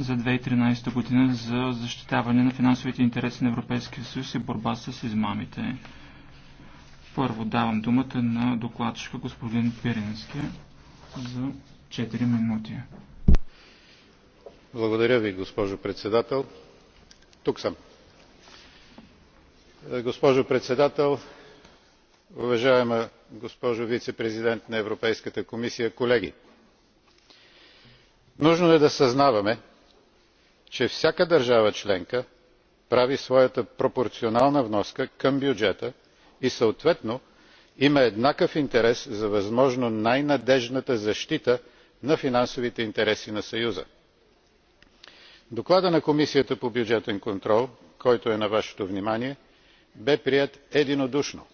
за 2013 година за защитаване на финансовите интереси на Европейския съюз и борба с измамите. Първо давам думата на докладчика господин Пирински за 4 минути. Благодаря ви, госпожо председател. Тук съм. Госпожо председател, уважаема госпожо вицепрезидент на Европейската комисия, колеги! Нужно е да съзнаваме, че всяка държава членка прави своята пропорционална вноска към бюджета и съответно има еднакъв интерес за възможно най надеждната защита на финансовите интереси на съюза. докладът на комисията по бюджетен контрол който е на вашето внимание бе приет единодушно.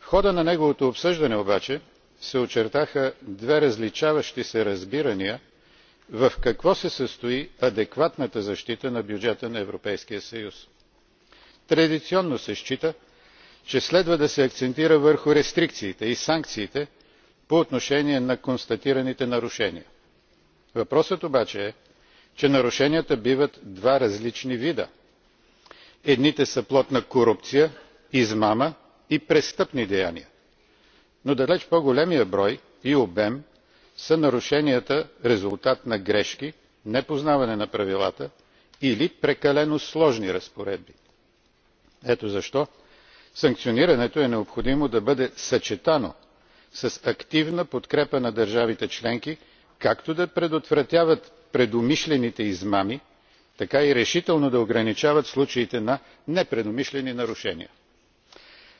в хода на неговото обсъждане обаче се очертаха две различаващи се разбирания в какво се състои адекватната защита на бюджета на европейския съюз. традиционно се счита че следва да се акцентира върху рестрикциите и санкциите по отношение на констатираните нарушения. въпросът обаче е че нарушенията биват два различни вида. едните са плод на корупция измама и престъпни деяния но далеч по големият брой и обем са нарушенията резултат на грешки непознаване на правилата или прекалено сложни разпоредби. ето защо санкционирането е необходимо да бъде съчетано с активна подкрепа на държавите членки както да предотвратяват предумишлените измами така и решително да ограничават случаите на непредумишлени нарушения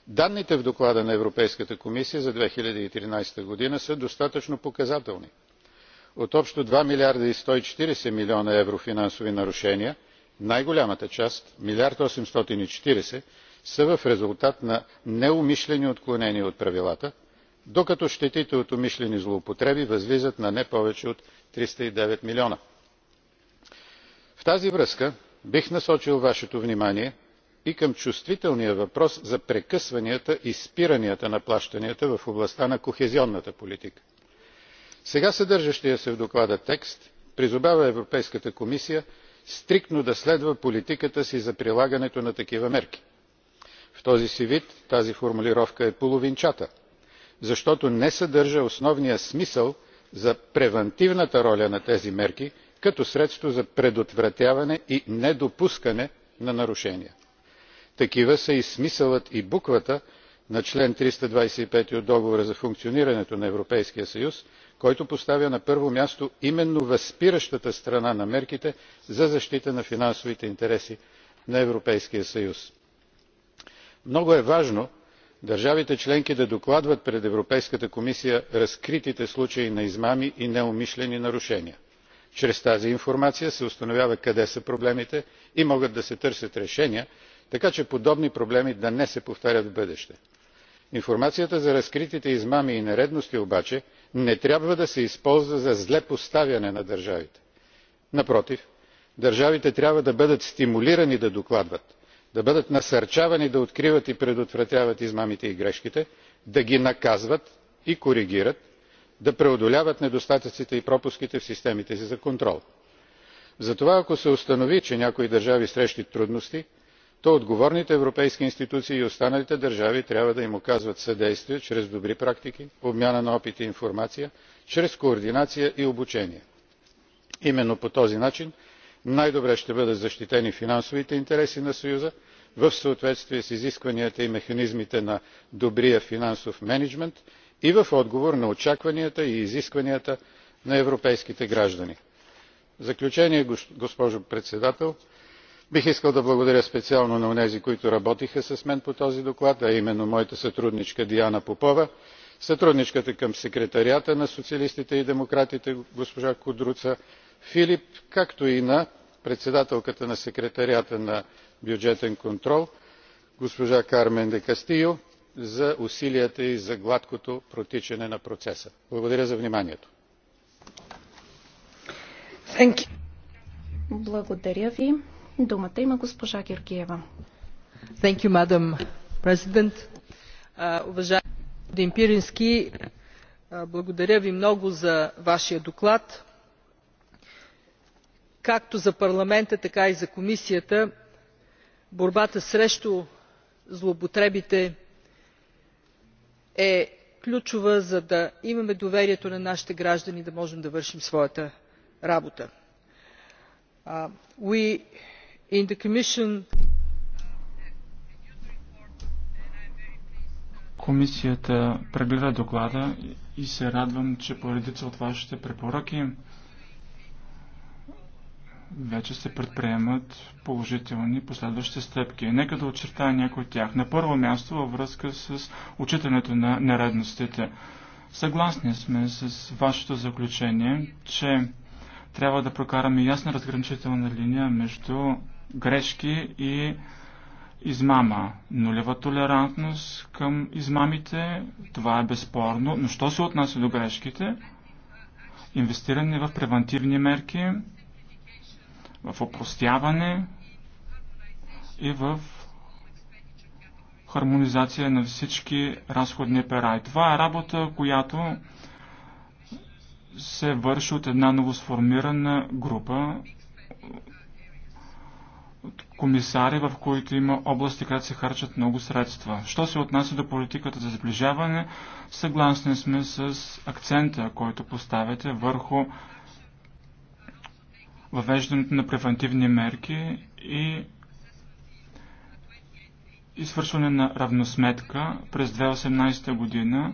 данните в доклада на европейската комисия за две хиляди и тринадесета година са достатъчно показателни. от общо два милиарда и сто и четиридесет милиона евро финансови нарушения най голямата част един милиард осемстотин и четиридесет са в резултат на неумишлени отклонения от правилата докато щетите от умишлени злоупотреби възлизат на не повече от триста и девет милиона. в тази връзка бих насочил вашето внимание и към чувствителния въпрос за прекъсванията и спиранията на плащанията в областта на кохезионната политика. сега съдържащият се в доклада текст призовава европейската комисия стриктно да следва политиката си за прилагането на такива мерки. в този си вид тази формулировка е половинчата защото не съдържа основния смисъл за превантивната роля на тези мерки като средство за предотвратяване и недопускане на нарушения такива са и смисълът и буквата на член триста двадесет и пет от договора за функционирането на европейския съюз който поставя на първо място именно възпиращата страна на мерките за защита на финансовите интереси на европейския съюз. много е важно държавите членки да докладват пред европейската комисия разкритите случаи на измами и неумишлени нарушения. чрез тази информация се установява къде са проблемите и могат да се търсят решения така че подобни проблеми да не се повтарят в бъдеще. информацията за разкритите измами и нередности обаче не трябва да се използва за зле поставяне на държавите. напротив държавите трябва да бъдат стимулирани да докладват да бъдат насърчавани да откриват и предотвратяват измамите и грешките да ги наказват и коригират да преодоляват недостатъците и пропуските в системите си за контрол. затова ако се установи че някои държави срещат трудности то отговорните европейски институции и останалите държави трябва да им оказват съдействие чрез добри практики обмяна на опит и информация чрез координация и обучение. именно по този начин най добре ще бъдат защитени финансовите интереси на съюза в съответствие с изискванията и механизмите на добрия финансов мениджмънт и в отговор на очакванията и изискванията на европейските граждани. в заключение госпожо председател бих искал да благодаря специално на онези които работиха с мен по този доклад а именно моята сътрудничка диана попова сътрудничката към секретариата на социалистите и демократите госпожа кудруца филип както и на председателката на секретариата на бюджетен контрол госпожа кармен де кастио за усилията й за гладкото протичане на процеса. благодаря за вниманието. благодаря ви. Думата има госпожа Георгиева. Thank you, madam president. уважаеми господин Пирински, благодаря ви много за вашия доклад. Както за парламента, така и за комисията, борбата срещу злоупотребите е ключова за да имаме доверието на нашите граждани да можем да вършим своята работа. we in the commission Комисията прегледа доклада и се радвам, че по редица от вашите препоръки вече се предприемат положителни последващи стъпки. Нека да очертая някои от тях. На първо място във връзка с отчитането на нередностите. Съгласни сме с вашето заключение, че трябва да прокараме ясна разграничителна линия между грешки и измама. Нулева толерантност към измамите, това е безспорно. Но що се отнася до грешките? Инвестиране в превентивни мерки, в опростяване и в хармонизация на всички разходни пера. И това е работа, която се върши от една новосформирана група комисари, в които има области, където се харчат много средства. Що се отнася до политиката за сближаване, съгласни сме с акцента, който поставяте върху въвеждането на превентивни мерки и извършване на равносметка през 2018 година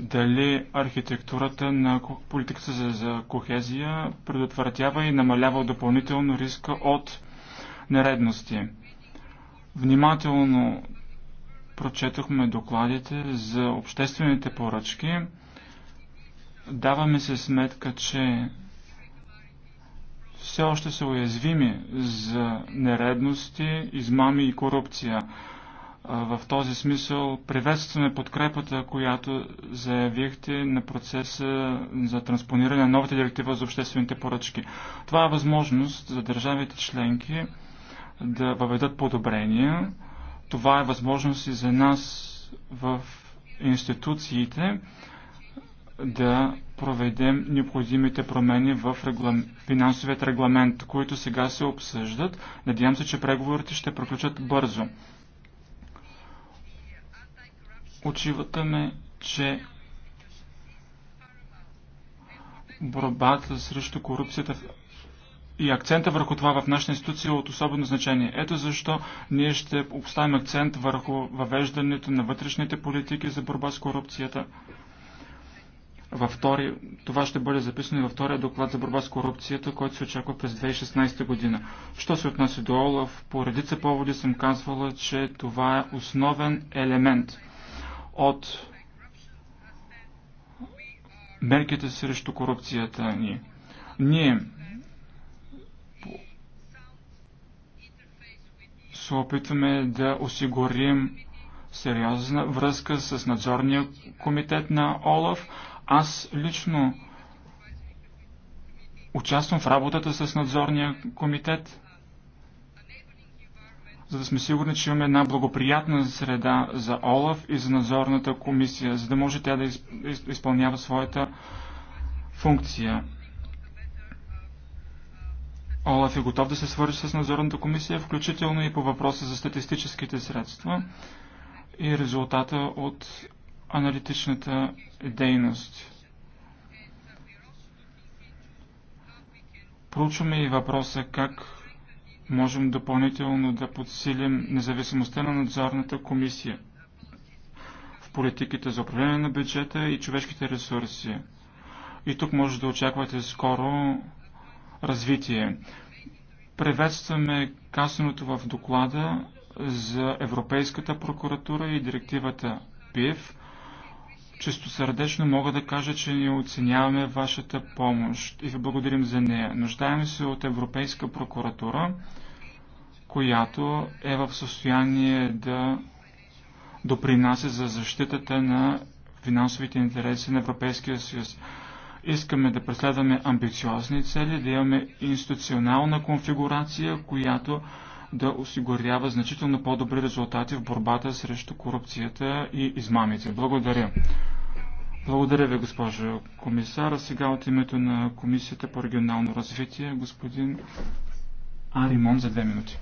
дали архитектурата на политиката за кохезия предотвратява и намалява допълнително риска от нередности. Внимателно прочетохме докладите за обществените поръчки. Даваме се сметка, че все още са уязвими за нередности, измами и корупция. В този смисъл приветстваме подкрепата, която заявихте на процеса за транспониране на новата директива за обществените поръчки. Това е възможност за държавите членки да въведат подобрения. Това е възможност и за нас в институциите да проведем необходимите промени в реглам... финансовият регламент, които сега се обсъждат. Надявам се, че преговорите ще приключат бързо. Очивата ме, че борбата срещу корупцията и акцента върху това в нашата институция е от особено значение. Ето защо ние ще обставим акцент върху въвеждането на вътрешните политики за борба с корупцията. Във втори, това ще бъде записано и във втория доклад за борба с корупцията, който се очаква през 2016 година. Що се отнася до Олаф, по редица поводи съм казвала, че това е основен елемент от мерките срещу корупцията ни. Ние се опитваме да осигурим сериозна връзка с надзорния комитет на ОЛАФ. Аз лично участвам в работата с надзорния комитет, за да сме сигурни, че имаме една благоприятна среда за ОЛАФ и за надзорната комисия, за да може тя да изпълнява своята функция. Олаф е готов да се свържи с надзорната комисия, включително и по въпроса за статистическите средства и резултата от аналитичната дейност. Проучваме и въпроса как можем допълнително да подсилим независимостта на надзорната комисия в политиките за управление на бюджета и човешките ресурси. И тук може да очаквате скоро развитие. Приветстваме казаното в доклада за Европейската прокуратура и директивата ПИФ. сърдечно мога да кажа, че ни оценяваме вашата помощ и ви благодарим за нея. Нуждаем се от Европейска прокуратура, която е в състояние да допринася за защитата на финансовите интереси на Европейския съюз. Искаме да преследваме амбициозни цели, да имаме институционална конфигурация, която да осигурява значително по-добри резултати в борбата срещу корупцията и измамите. Благодаря. Благодаря ви, госпожо комисара. Сега от името на Комисията по регионално развитие, господин Аримон за две минути.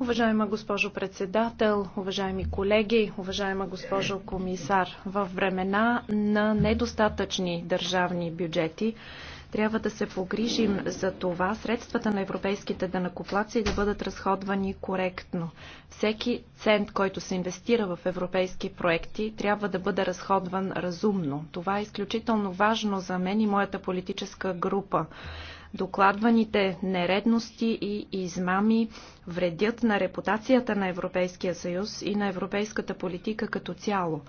Уважаема госпожо председател, уважаеми колеги, уважаема госпожо комисар, в времена на недостатъчни държавни бюджети трябва да се погрижим за това средствата на европейските данакоплаци да бъдат разходвани коректно. Всеки цент, който се инвестира в европейски проекти, трябва да бъде разходван разумно. Това е изключително важно за мен и моята политическа група. Докладваните нередности и измами вредят на репутацията на Европейския съюз и на европейската политика като цяло.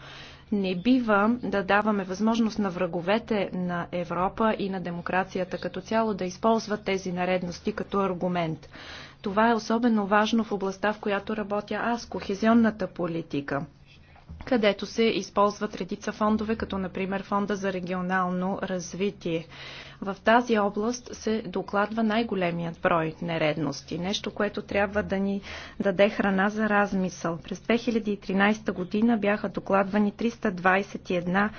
Не бива да даваме възможност на враговете на Европа и на демокрацията като цяло да използват тези наредности като аргумент. Това е особено важно в областта, в която работя аз – кохезионната политика където се използват редица фондове, като например Фонда за регионално развитие. В тази област се докладва най-големият брой нередности, нещо, което трябва да ни даде храна за размисъл. През 2013 година бяха докладвани 321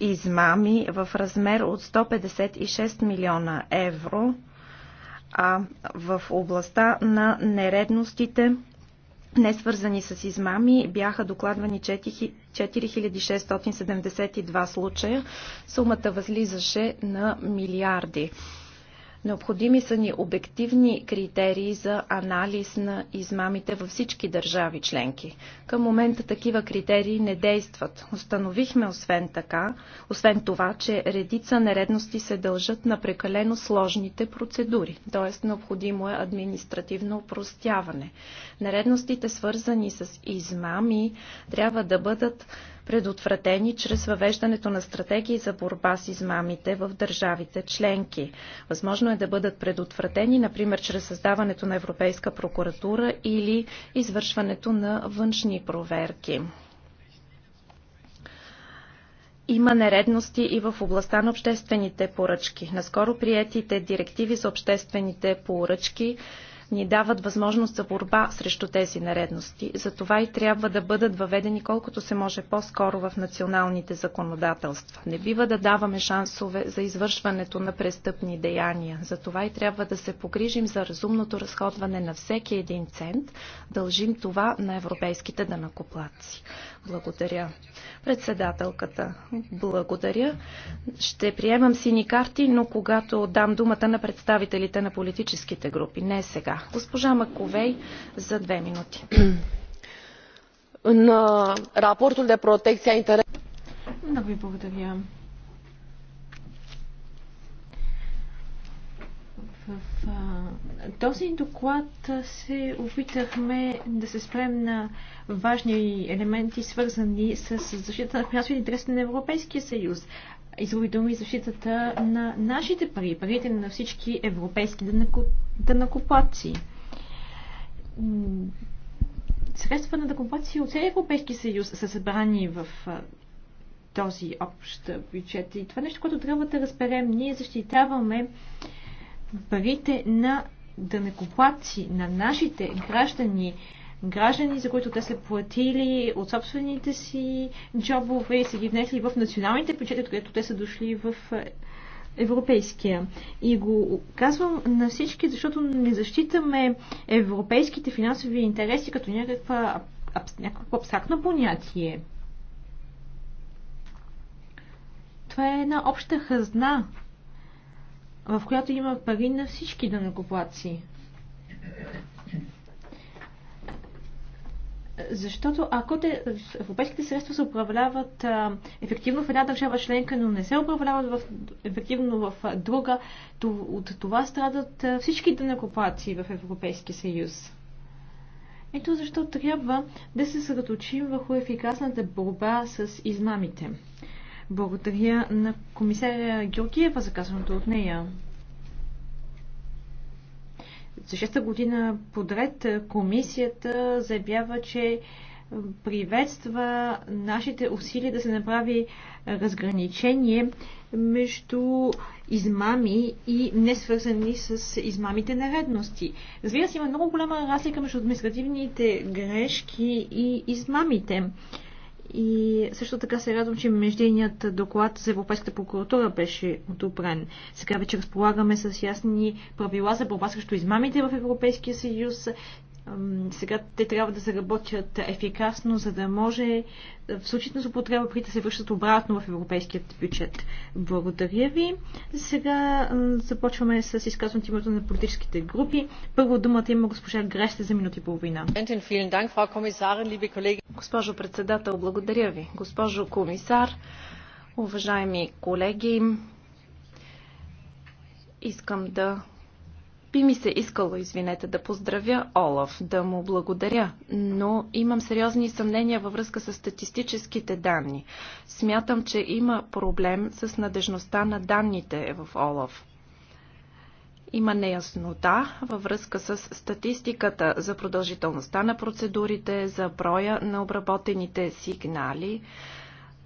измами в размер от 156 милиона евро, а в областта на нередностите не свързани с измами, бяха докладвани 4672 случая. Сумата възлизаше на милиарди. Необходими са ни обективни критерии за анализ на измамите във всички държави членки. Към момента такива критерии не действат. Установихме освен така, освен това, че редица нередности се дължат на прекалено сложните процедури, т.е. необходимо е административно упростяване. Нередностите, свързани с измами, трябва да бъдат предотвратени чрез въвеждането на стратегии за борба с измамите в държавите членки. Възможно е да бъдат предотвратени, например, чрез създаването на Европейска прокуратура или извършването на външни проверки. Има нередности и в областта на обществените поръчки. Наскоро приетите директиви за обществените поръчки ни дават възможност за борба срещу тези нередности. Затова и трябва да бъдат въведени колкото се може по-скоро в националните законодателства. Не бива да даваме шансове за извършването на престъпни деяния. Затова и трябва да се погрижим за разумното разходване на всеки един цент. Дължим това на европейските данакоплаци. Благодаря. Председателката, благодаря. Ще приемам сини карти, но когато дам думата на представителите на политическите групи, не сега. Госпожа Маковей за две минути. На рапортul de protecție a Много ви благодаря. В а, този доклад се опитахме да се спрем на важни елементи, свързани с защита на финансовите интереси на Европейския съюз. И думи, защитата на нашите пари, парите на всички европейски дънакоплаци. Средства на дънакоплаци от целия Европейски съюз са събрани в този общ бюджет. И това е нещо, което трябва да разберем, ние защитаваме парите на дънекоплаци, на нашите граждани, граждани, за които те са платили от собствените си джобове и са ги внесли в националните бюджети, от където те са дошли в е, европейския. И го казвам на всички, защото не защитаме европейските финансови интереси като някаква, някакво абстрактно понятие. Това е една обща хазна в която има пари на всички данъкоплаци. Защото ако те, европейските средства се управляват а, ефективно в една държава членка, но не се управляват в, ефективно в а, друга, то, от това страдат а, всички данъкоплаци в Европейския съюз. Ето защо трябва да се съсредоточим върху ефикасната борба с измамите. Благодаря на комисаря Георгиева за казаното от нея. За шеста година подред комисията заявява, че приветства нашите усилия да се направи разграничение между измами и несвързани с измамите наредности. Разбира се, има много голяма разлика между административните грешки и измамите. И също така се радвам, че междуният доклад за Европейската прокуратура беше одобрен. Сега вече разполагаме с ясни правила за борба срещу измамите в Европейския съюз сега те трябва да заработят ефикасно, за да може е, в случай на злоупотреба парите се връщат обратно в европейският бюджет. Благодаря ви. Сега започваме с изказването името на политическите групи. Първо думата има госпожа Гресте за минути и половина. Госпожо председател, благодаря ви. Госпожо комисар, уважаеми колеги, искам да би ми се искало, извинете, да поздравя Олаф, да му благодаря, но имам сериозни съмнения във връзка с статистическите данни. Смятам, че има проблем с надежността на данните е в Олаф. Има неяснота във връзка с статистиката за продължителността на процедурите, за броя на обработените сигнали.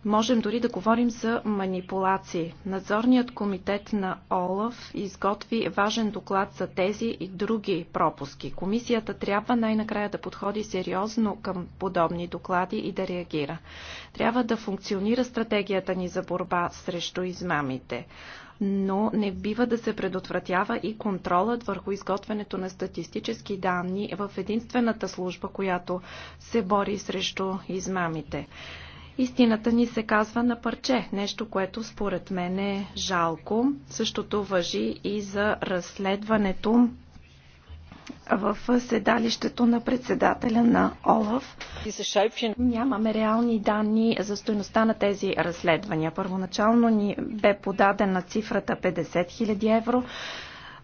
Можем дори да говорим за манипулации. Надзорният комитет на ОЛАФ изготви важен доклад за тези и други пропуски. Комисията трябва най-накрая да подходи сериозно към подобни доклади и да реагира. Трябва да функционира стратегията ни за борба срещу измамите но не бива да се предотвратява и контролът върху изготвянето на статистически данни в единствената служба, която се бори срещу измамите. Истината ни се казва на парче, нещо, което според мен е жалко. Същото въжи и за разследването в седалището на председателя на ОЛАФ. Нямаме реални данни за стоеността на тези разследвания. Първоначално ни бе подадена цифрата 50 000 евро,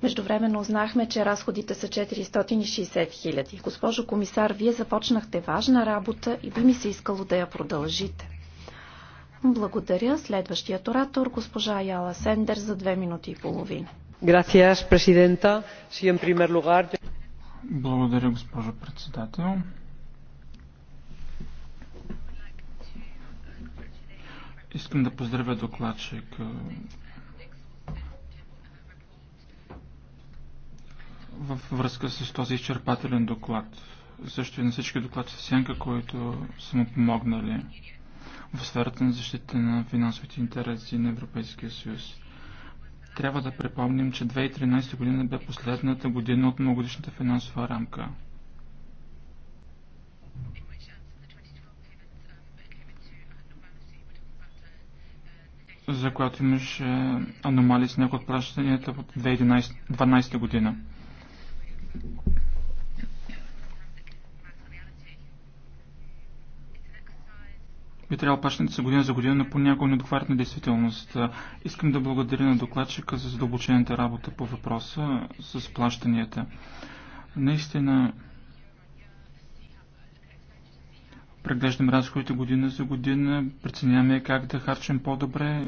Междувременно узнахме, че разходите са 460 хиляди. Госпожо комисар, вие започнахте важна работа и би ми се искало да я продължите. Благодаря. Следващият оратор, госпожа Яла Сендер, за две минути и половина. Gracias, Presidenta. Si en primer lugar... Благодаря, госпожо председател. Искам да поздравя докладчик във връзка с този изчерпателен доклад. Също и на всички доклади в сянка, които са му помогнали в сферата на защита на финансовите интереси на Европейския съюз. Трябва да припомним, че 2013 година бе последната година от многодишната финансова рамка. за която имаше аномалии с някои от плащанията от 2012 година би трябва плащането са година за година, но понякога не отговарят на действителност. Искам да благодаря на докладчика за задълбочената работа по въпроса с плащанията. Наистина преглеждам разходите година за година, преценяваме как да харчим по-добре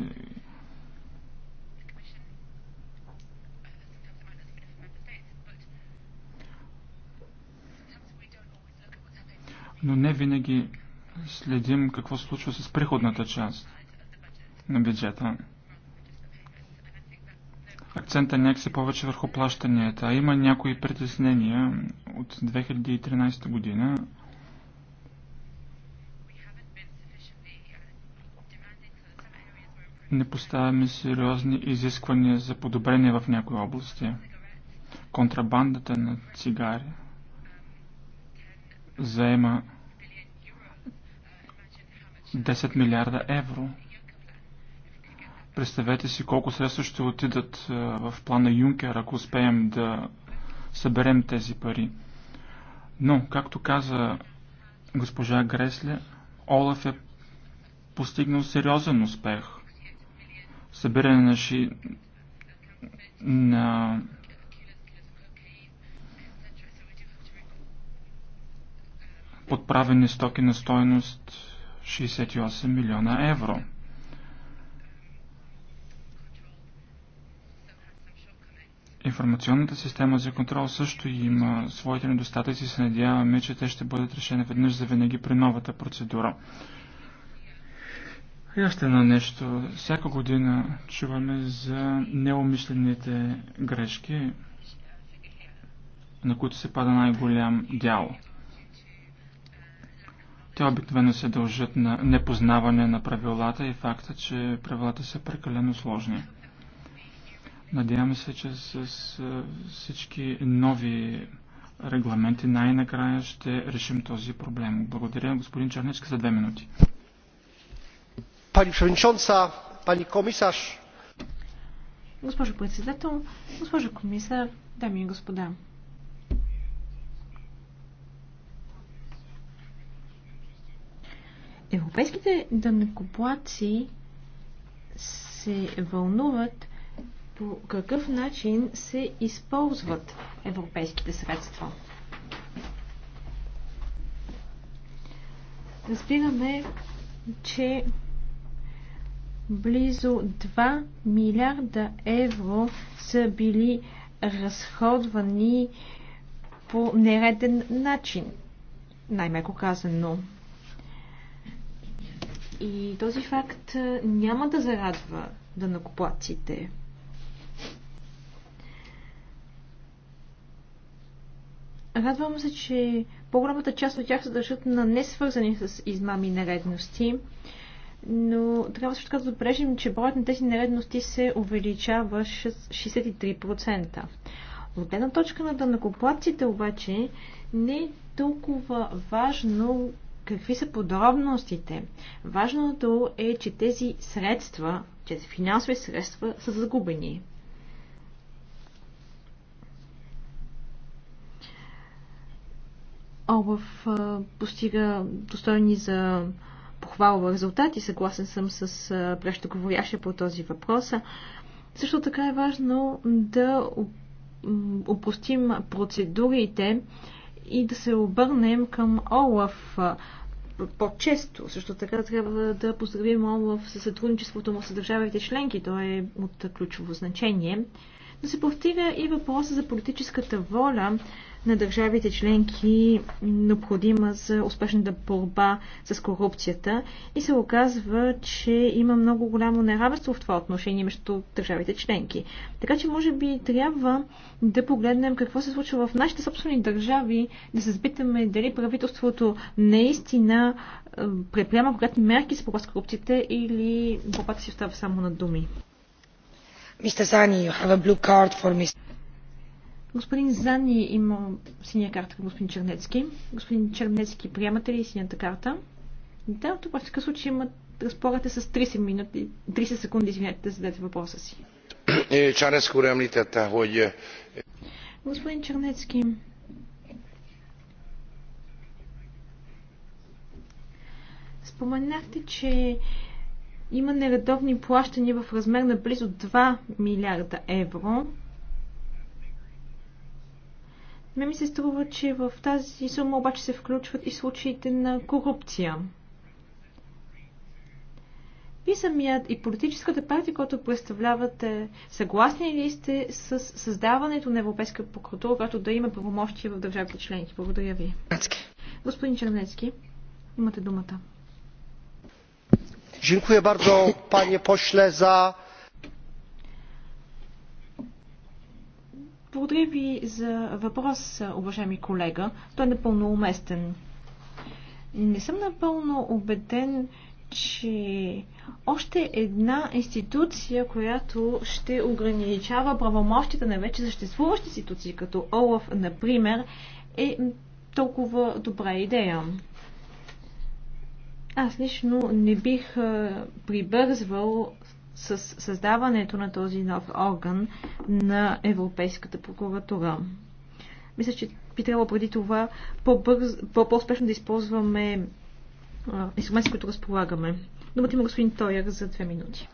но не винаги следим какво се случва с приходната част на бюджета. Акцента някакси повече върху плащанията. Има някои притеснения от 2013 година. Не поставяме сериозни изисквания за подобрение в някои области. Контрабандата на цигари заема 10 милиарда евро. Представете си колко средства ще отидат в плана Юнкер, ако успеем да съберем тези пари. Но, както каза госпожа Гресле, Олаф е постигнал сериозен успех. Събиране на, ши... на подправени стоки на стойност 68 милиона евро. Информационната система за контрол също има своите недостатъци и се надяваме, че те ще бъдат решени веднъж за винаги при новата процедура. И още едно нещо. Всяка година чуваме за неумислените грешки, на които се пада най-голям дял. Те обикновено се дължат на непознаване на правилата и факта, че правилата са прекалено сложни. Надяваме се, че с всички нови регламенти най-накрая ще решим този проблем. Благодаря, господин Чернечка, за две минути. Пани пани Госпожо председател, госпожо комисар, дами и господа. Европейските данъкоплаци се вълнуват по какъв начин се използват европейските средства. Разбираме, че близо 2 милиарда евро са били разходвани по нереден начин, най-меко казано. И този факт няма да зарадва данакоплаците. Радвам се, че по-голямата част от тях се държат на несвързани с измами нередности, но трябва също така да отбележим, че броят на тези нередности се увеличава 63%. От гледна точка на данакоплатците обаче не е толкова важно Какви са подробностите? Важното е, че тези средства, тези финансови средства са загубени. Олаф постига достойни за похвалва резултати. Съгласен съм с прещоговорящия по този въпрос. Също така е важно да опустим процедурите и да се обърнем към Олаф по-често. Също така трябва да поздравим Олаф със сътрудничеството му с държавите членки. То е от ключово значение но се повтига и въпроса за политическата воля на държавите членки, необходима за успешната борба с корупцията. И се оказва, че има много голямо неравенство в това отношение между държавите членки. Така че, може би, трябва да погледнем какво се случва в нашите собствени държави, да се запитаме дали правителството наистина предприема конкретни мерки за борба с корупцията или борбата си остава само на думи. Господин Зани има синя карта към господин Чернецки. Господин Чернецки, приемате ли синята карта? Да, това в такъв случай имат разполагате с 30, минути, 30 секунди, извинете, да зададете въпроса си. Е, е. Господин Чернецки, споменахте, че има нередовни плащания в размер на близо 2 милиарда евро. Не ми се струва, че в тази сума обаче се включват и случаите на корупция. Вие самият и политическата партия, която представлявате, съгласни ли сте с създаването на Европейска прокуратура, която да има правомощия в държавите членки? Благодаря ви. Господин Чернецки, имате думата dziękuję bardzo panie pośle za ви за въпрос, уважаеми колега. Той е напълно уместен. Не съм напълно убеден, че още една институция, която ще ограничава правомощите на вече съществуващи институции, като ОЛАФ, например, е толкова добра идея. Аз лично не бих прибързвал с създаването на този нов орган на Европейската прокуратура. Мисля, че би трябвало преди това по-успешно по да използваме инструменти, които разполагаме. Думата има господин Тойер за две минути.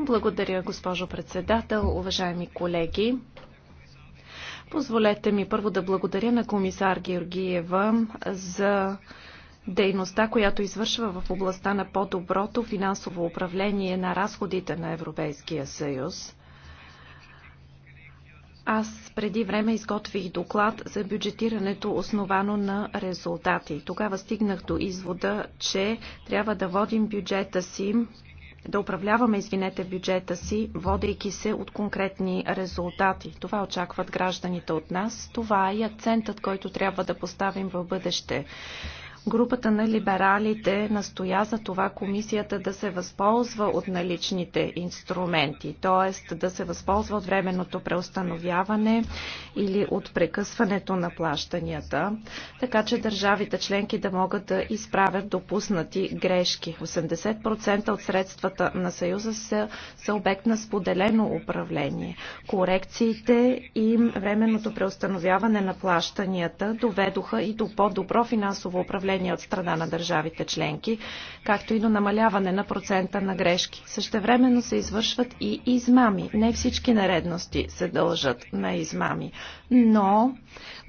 Благодаря, госпожо председател, уважаеми колеги. Позволете ми първо да благодаря на комисар Георгиева за дейността, която извършва в областта на по-доброто финансово управление на разходите на Европейския съюз. Аз преди време изготвих доклад за бюджетирането основано на резултати. Тогава стигнах до извода, че трябва да водим бюджета си да управляваме, извинете, бюджета си, водейки се от конкретни резултати. Това очакват гражданите от нас. Това е и акцентът, който трябва да поставим в бъдеще. Групата на либералите настоя за това комисията да се възползва от наличните инструменти, т.е. да се възползва от временното преустановяване или от прекъсването на плащанията, така че държавите членки да могат да изправят допуснати грешки. 80% от средствата на Съюза са, са обект на споделено управление. Корекциите и временното преустановяване на плащанията доведоха и до по-добро финансово управление управление от страна на държавите членки, както и до намаляване на процента на грешки. Същевременно се извършват и измами. Не всички наредности се дължат на измами, но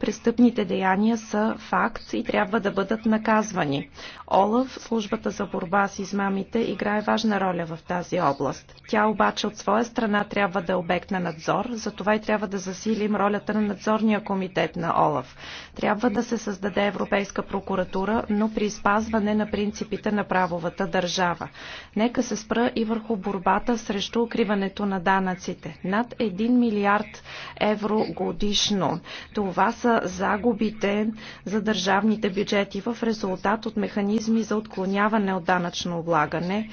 Престъпните деяния са факт и трябва да бъдат наказвани. ОЛАВ, службата за борба с измамите, играе важна роля в тази област. Тя обаче от своя страна трябва да е обект на надзор, затова и трябва да засилим ролята на надзорния комитет на ОЛАВ. Трябва да се създаде Европейска прокуратура, но при спазване на принципите на правовата държава. Нека се спра и върху борбата срещу укриването на данъците. Над 1 милиард евро годишно. Това са загубите за държавните бюджети в резултат от механизми за отклоняване от данъчно облагане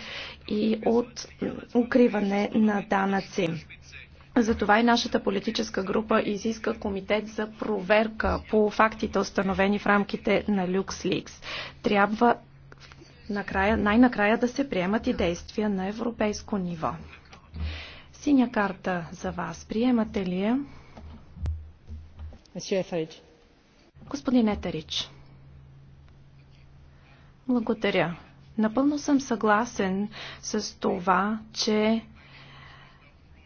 и от укриване на данъци. Затова и нашата политическа група изиска комитет за проверка по фактите, установени в рамките на LuxLeaks. Трябва накрая, най-накрая да се приемат и действия на европейско ниво. Синя карта за вас. Приемате ли я? Господин Етерич, благодаря. Напълно съм съгласен с това, че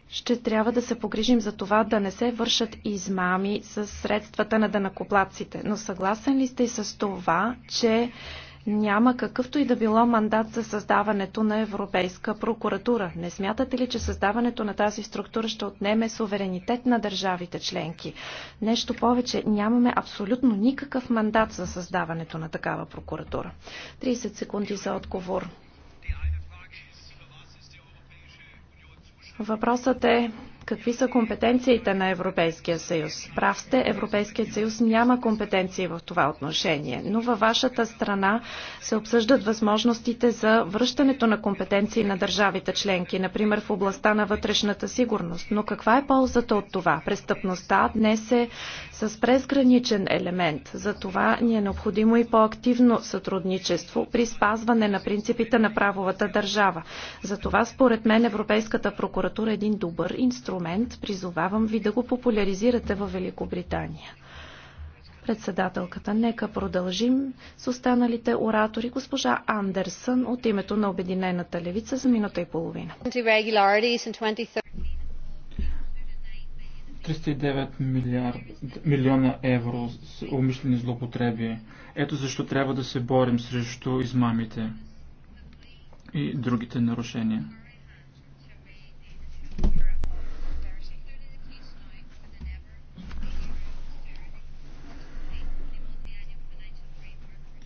ще трябва да се погрижим за това да не се вършат измами с средствата на данакоплаците. Но съгласен ли сте и с това, че няма какъвто и да било мандат за създаването на Европейска прокуратура. Не смятате ли, че създаването на тази структура ще отнеме суверенитет на държавите членки? Нещо повече, нямаме абсолютно никакъв мандат за създаването на такава прокуратура. 30 секунди за отговор. Въпросът е Какви са компетенциите на Европейския съюз? Прав сте, Европейският съюз няма компетенции в това отношение, но във вашата страна се обсъждат възможностите за връщането на компетенции на държавите членки, например в областта на вътрешната сигурност. Но каква е ползата от това? Престъпността днес е с презграничен елемент. За това ни е необходимо и по-активно сътрудничество при спазване на принципите на правовата държава. За това, според мен, Европейската прокуратура е един добър инструмент. Призовавам ви да го популяризирате във Великобритания. Председателката, нека продължим с останалите оратори. Госпожа Андерсън от името на Обединената левица за минута и половина. 309 милиард, милиона евро с умишлени злоупотреби. Ето защо трябва да се борим срещу измамите и другите нарушения.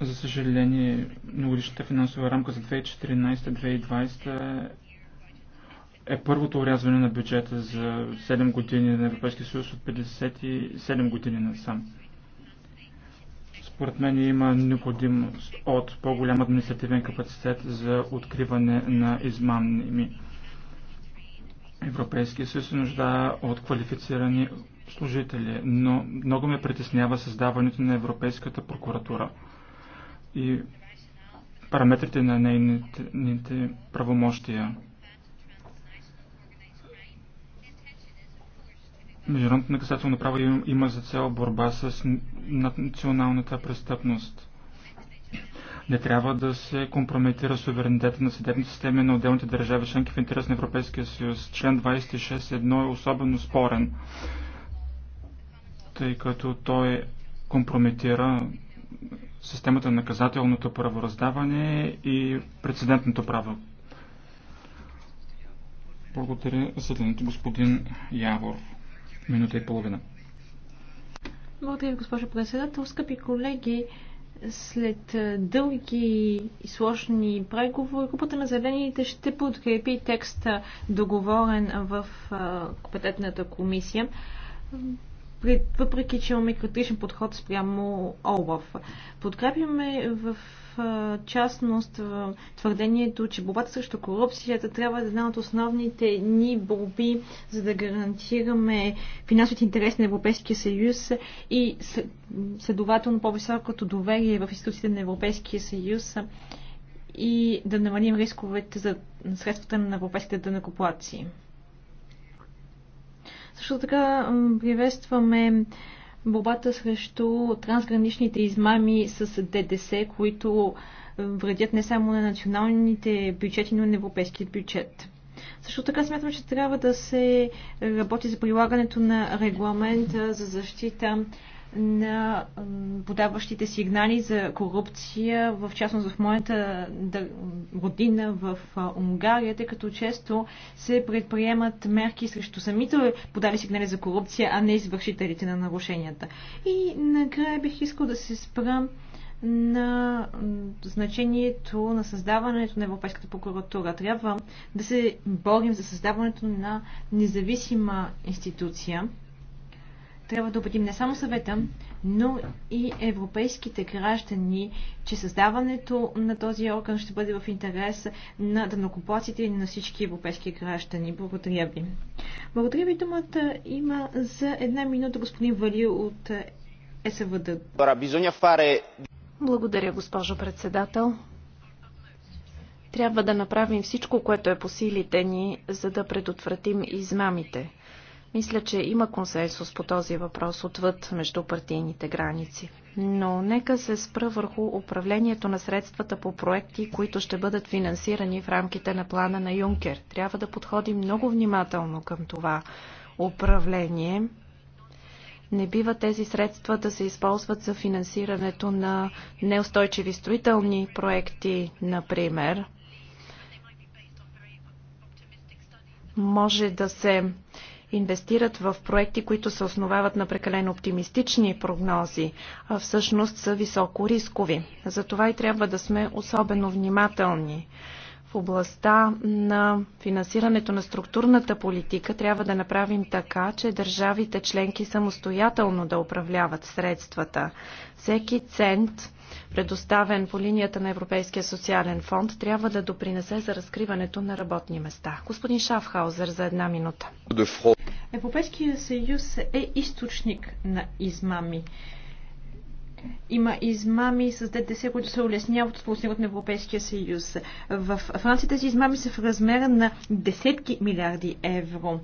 За съжаление, многодишната финансова рамка за 2014-2020 е е първото урязване на бюджета за 7 години на Европейския съюз от 57 години насам. Според мен има необходимост от по-голям административен капацитет за откриване на измамни Европейския съюз се нуждае от квалифицирани служители, но много ме притеснява създаването на Европейската прокуратура и параметрите на нейните правомощия. Международното наказателно право има за цел борба с националната престъпност. Не трябва да се компрометира суверенитета на съдебните системи на отделните държави, членки в интерес на Европейския съюз. Член 26.1 е особено спорен, тъй като той компрометира системата на наказателното правораздаване и прецедентното право. Благодаря за господин Явор минута и половина. Благодаря ви, госпожо председател. Скъпи колеги, след дълги и сложни преговори, групата на зелените ще подкрепи текста договорен в компетентната комисия въпреки че имаме критичен подход спрямо Олаф. Подкрепяме в частност твърдението, че борбата срещу корупцията трябва да е една от основните ни борби, за да гарантираме финансовите интереси на Европейския съюз и следователно по-високото доверие в институциите на Европейския съюз и да намалим рисковете за средствата на европейските дънакоплации. Също така приветстваме борбата срещу трансграничните измами с ДДС, които вредят не само на националните бюджети, но и на европейския бюджет. Също така смятам, че трябва да се работи за прилагането на регламент за защита на подаващите сигнали за корупция, в частност в моята година в Унгария, тъй като често се предприемат мерки срещу самите подали сигнали за корупция, а не извършителите на нарушенията. И накрая бих искал да се спра на значението на създаването на Европейската прокуратура. Трябва да се борим за създаването на независима институция, трябва да убедим не само съвета, но и европейските граждани, че създаването на този орган ще бъде в интерес на данокоплаците и на всички европейски граждани. Благодаря ви. Благодаря ви думата има за една минута господин Вали от СВД. Благодаря, госпожо председател. Трябва да направим всичко, което е по силите ни, за да предотвратим измамите. Мисля, че има консенсус по този въпрос отвъд между партийните граници. Но нека се спра върху управлението на средствата по проекти, които ще бъдат финансирани в рамките на плана на Юнкер. Трябва да подходим много внимателно към това управление. Не бива тези средства да се използват за финансирането на неустойчиви строителни проекти, например. Може да се инвестират в проекти, които се основават на прекалено оптимистични прогнози, а всъщност са високо рискови. Затова и трябва да сме особено внимателни. В областта на финансирането на структурната политика трябва да направим така, че държавите членки самостоятелно да управляват средствата. Всеки цент предоставен по линията на Европейския социален фонд, трябва да допринесе за разкриването на работни места. Господин Шафхаузер за една минута. Европейския съюз е източник на измами има измами с ДДС, които се улесняват от функционирането на Европейския съюз. В Франция тези измами са в размера на десетки милиарди евро.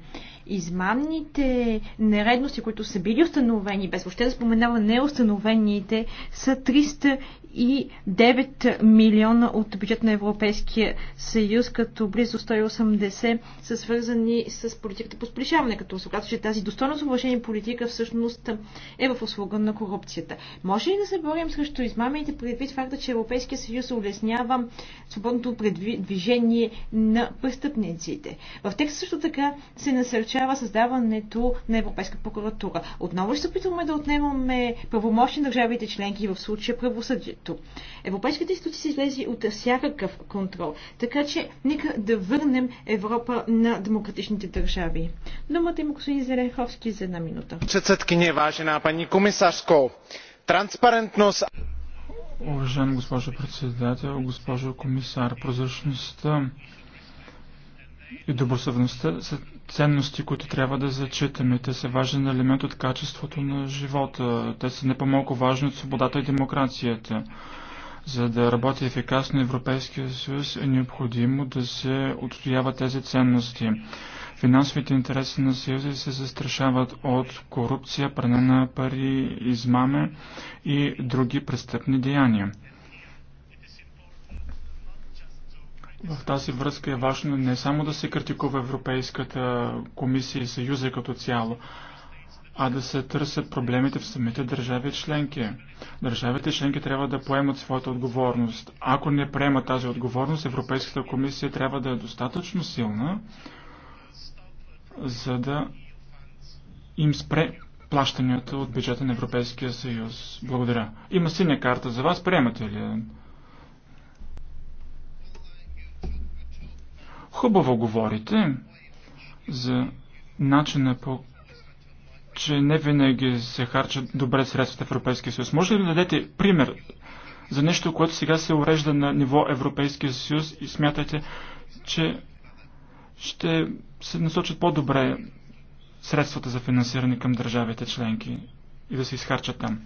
Измамните нередности, които са били установени, без въобще да споменава неустановените, са 300 и 9 милиона от бюджет на Европейския съюз, като близо 180 са свързани с политиката по сближаване, като се оказва, че тази достойно уважение политика всъщност е в услуга на корупцията. Може ли да се борим срещу измамите предвид факта, че Европейския съюз улеснява свободното предвижение на престъпниците? В текста също така се насърчава създаването на Европейска прокуратура. Отново ще се опитваме да отнемаме правомощни държавите членки в случая правосъдие правото. Европейската институция се излезе от всякакъв контрол, така че нека да върнем Европа на демократичните държави. Думата има господин Зелеховски за една минута. Председкиня, важена пани комисарско, транспарентност... Уважаем госпожа председател, госпожа комисар, прозрачността и добросъвността са ценности, които трябва да зачитаме. Те са важен елемент от качеството на живота. Те са не по-малко важни от свободата и демокрацията. За да работи ефикасно Европейския съюз е необходимо да се отстоява тези ценности. Финансовите интереси на съюза се застрашават от корупция, пране на пари, измаме и други престъпни деяния. В тази връзка е важно не само да се критикува Европейската комисия и Съюза като цяло, а да се търсят проблемите в самите държави членки. Държавите членки трябва да поемат своята отговорност. Ако не приемат тази отговорност, Европейската комисия трябва да е достатъчно силна, за да им спре плащанията от бюджета на Европейския съюз. Благодаря. Има синя карта за вас. Приемате ли? Хубаво говорите за начина по че не винаги се харчат добре средствата в Европейския съюз. Може ли да дадете пример за нещо, което сега се урежда на ниво Европейския съюз и смятате, че ще се насочат по-добре средствата за финансиране към държавите членки и да се изхарчат там?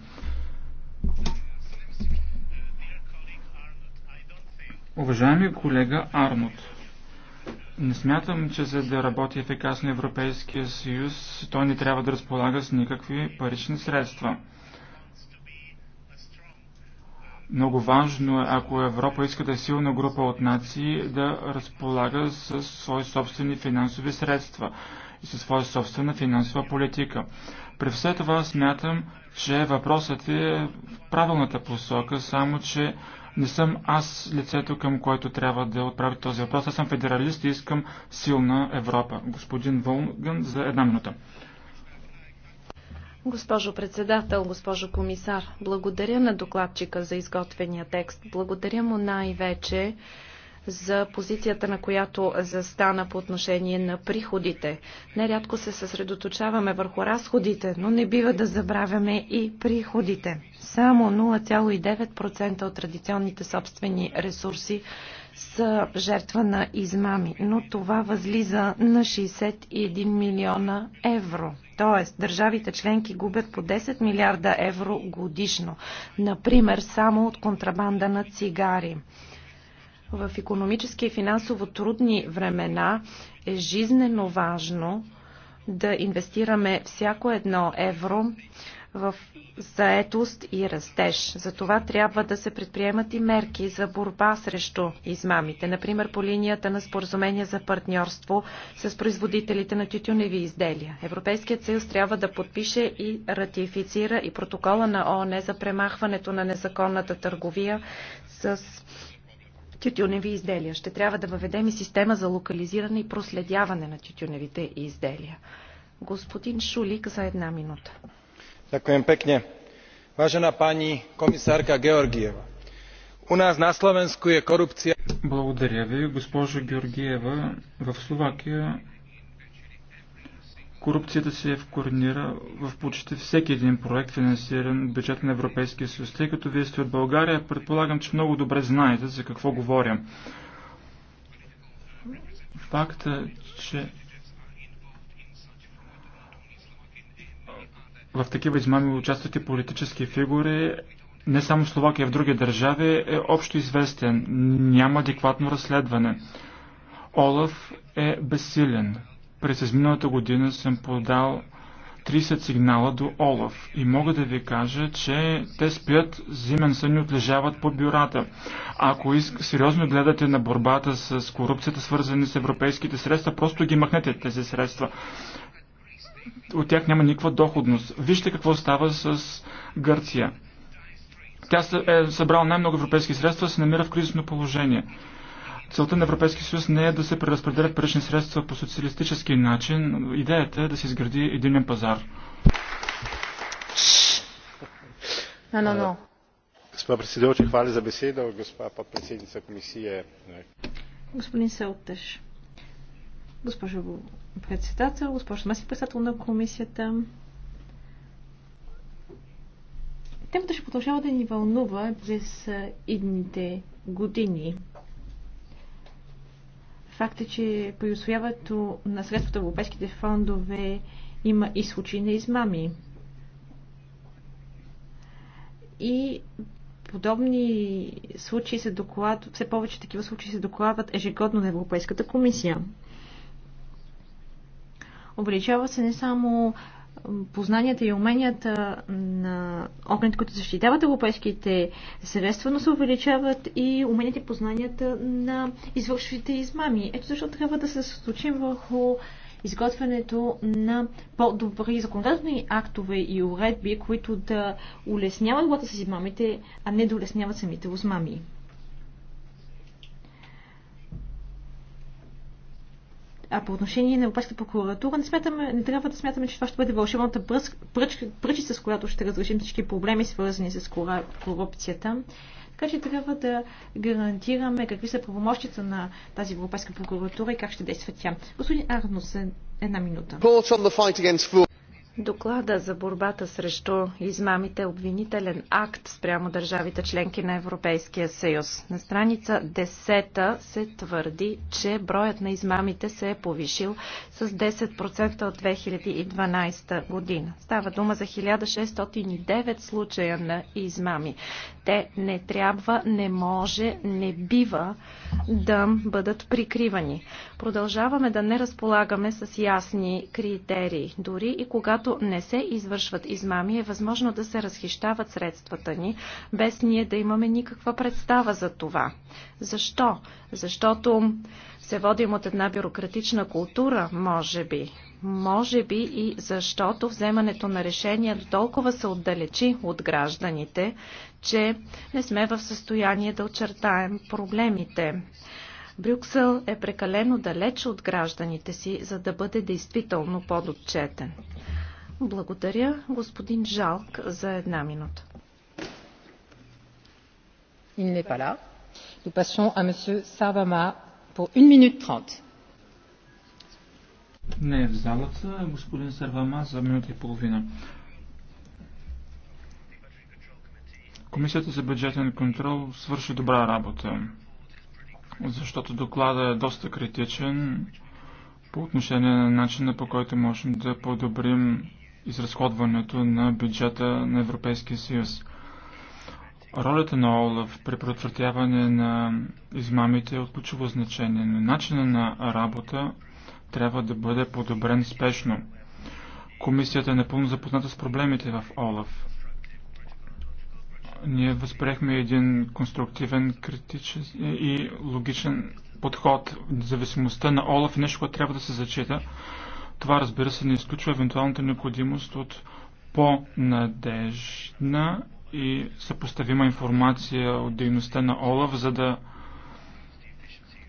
Уважаеми колега Арнот, не смятам, че за да работи ефикасно Европейския съюз, той не трябва да разполага с никакви парични средства. Много важно е, ако Европа иска да е силна група от нации, да разполага с свои собствени финансови средства и със своя собствена финансова политика. При все това смятам, че въпросът е в правилната посока, само че не съм аз лицето, към което трябва да отправи този въпрос. Аз съм федералист и искам силна Европа. Господин Волган, за една минута. Госпожо председател, госпожо комисар, благодаря на докладчика за изготвения текст. Благодаря му най-вече за позицията, на която застана по отношение на приходите. Нерядко се съсредоточаваме върху разходите, но не бива да забравяме и приходите. Само 0,9% от традиционните собствени ресурси са жертва на измами, но това възлиза на 61 милиона евро. Тоест, държавите членки губят по 10 милиарда евро годишно, например само от контрабанда на цигари. В економически и финансово трудни времена е жизнено важно да инвестираме всяко едно евро в заетост и растеж. За това трябва да се предприемат и мерки за борба срещу измамите. Например, по линията на споразумение за партньорство с производителите на тютюневи изделия. Европейският съюз трябва да подпише и ратифицира и протокола на ООН за премахването на незаконната търговия с тютюневи изделия. Ще трябва да въведем и система за локализиране и проследяване на тютюневите изделия. Господин Шулик за една минута. Ďakujem pekne. Vážená pani komisárka Georgieva, у нас на Slovensku je korupcia... Благодаря ви, госпожо Георгиева. В Словакия Корупцията се е в почти всеки един проект, финансиран от бюджета на Европейския съюз. Тъй като вие сте от България, предполагам, че много добре знаете за какво говоря. Факта, е, че в такива измами участват и политически фигури, не само в Словакия, в други държави, е общо известен. Няма адекватно разследване. Олаф е безсилен. През изминалата година съм подал 30 сигнала до Олаф и мога да ви кажа, че те спят зимен сън и отлежават по бюрата. Ако иск, сериозно гледате на борбата с корупцията, свързани с европейските средства, просто ги махнете тези средства. От тях няма никаква доходност. Вижте какво става с Гърция. Тя е събрала най-много европейски средства, се намира в кризисно положение. Целта на Европейския съюз не е да се преразпределят парични средства по социалистически начин. Идеята е да се изгради единен пазар. Не, не, no. Gospa predsedujoča, е, хвали за беседа. Gospa подпредседница комисия. Господин Селтеш. Госпожо председател, госпожо заместник председател на комисията. Темата ще продължава да ни вълнува през идните години. Факт е, че при освояването на средствата в европейските фондове има и случаи на измами. И подобни случаи се докладват, все повече такива случаи се докладват ежегодно на Европейската комисия. Увеличава се не само познанията и уменията на органите, които защитават европейските средства, но се увеличават и уменията и познанията на извършвите измами. Ето защо трябва да се състочим върху изготвянето на по-добри законодателни актове и уредби, които да улесняват глата с измамите, а не да улесняват самите узмами. А по отношение на Европейската прокуратура не, смятаме, не трябва да смятаме, че това ще бъде вълшебната пръчка, с която ще разрешим всички проблеми, свързани с корупцията. Така че трябва да гарантираме какви са правомощите на тази Европейска прокуратура и как ще действа тя. Господин Арнос, е една минута. Доклада за борбата срещу измамите е обвинителен акт спрямо държавите членки на Европейския съюз. На страница 10 се твърди, че броят на измамите се е повишил с 10% от 2012 година. Става дума за 1609 случая на измами. Те не трябва, не може, не бива да бъдат прикривани. Продължаваме да не разполагаме с ясни критерии. Дори и когато когато не се извършват измами, е възможно да се разхищават средствата ни, без ние да имаме никаква представа за това. Защо? Защото се водим от една бюрократична култура, може би. Може би и защото вземането на решения толкова се отдалечи от гражданите, че не сме в състояние да очертаем проблемите. Брюксел е прекалено далеч от гражданите си, за да бъде действително подотчетен. Благодаря, господин Жалк, за една минута. Il n'est pas là. Nous passons à Monsieur Savama pour 1 minute 30. Не е в залата, господин Сарвама за минута и половина. Комисията за бюджетен контрол свърши добра работа, защото доклада е доста критичен по отношение на начина по който можем да подобрим изразходването на бюджета на Европейския съюз. Ролята на ОЛАФ при предотвратяване на измамите е от ключово значение, но начина на работа трябва да бъде подобрен спешно. Комисията е напълно запозната с проблемите в ОЛАФ. Ние възприехме един конструктивен, критичен и логичен подход. зависимостта на ОЛАФ е нещо, което трябва да се зачита, това разбира се не изключва евентуалната необходимост от по-надежна и съпоставима информация от дейността на ОЛАВ, за да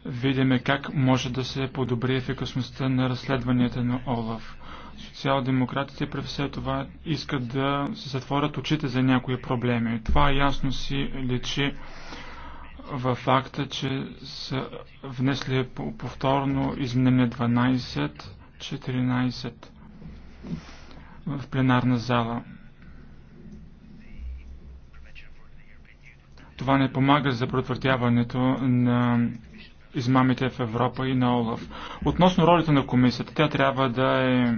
видим как може да се подобри ефикасността на разследванията на ОЛАВ. Социал-демократите при все това искат да се затворят очите за някои проблеми. Това ясно си личи във факта, че са внесли повторно изменение 12 14 в пленарна зала. Това не помага за предотвратяването на измамите в Европа и на Олаф. Относно ролята на комисията, тя трябва да е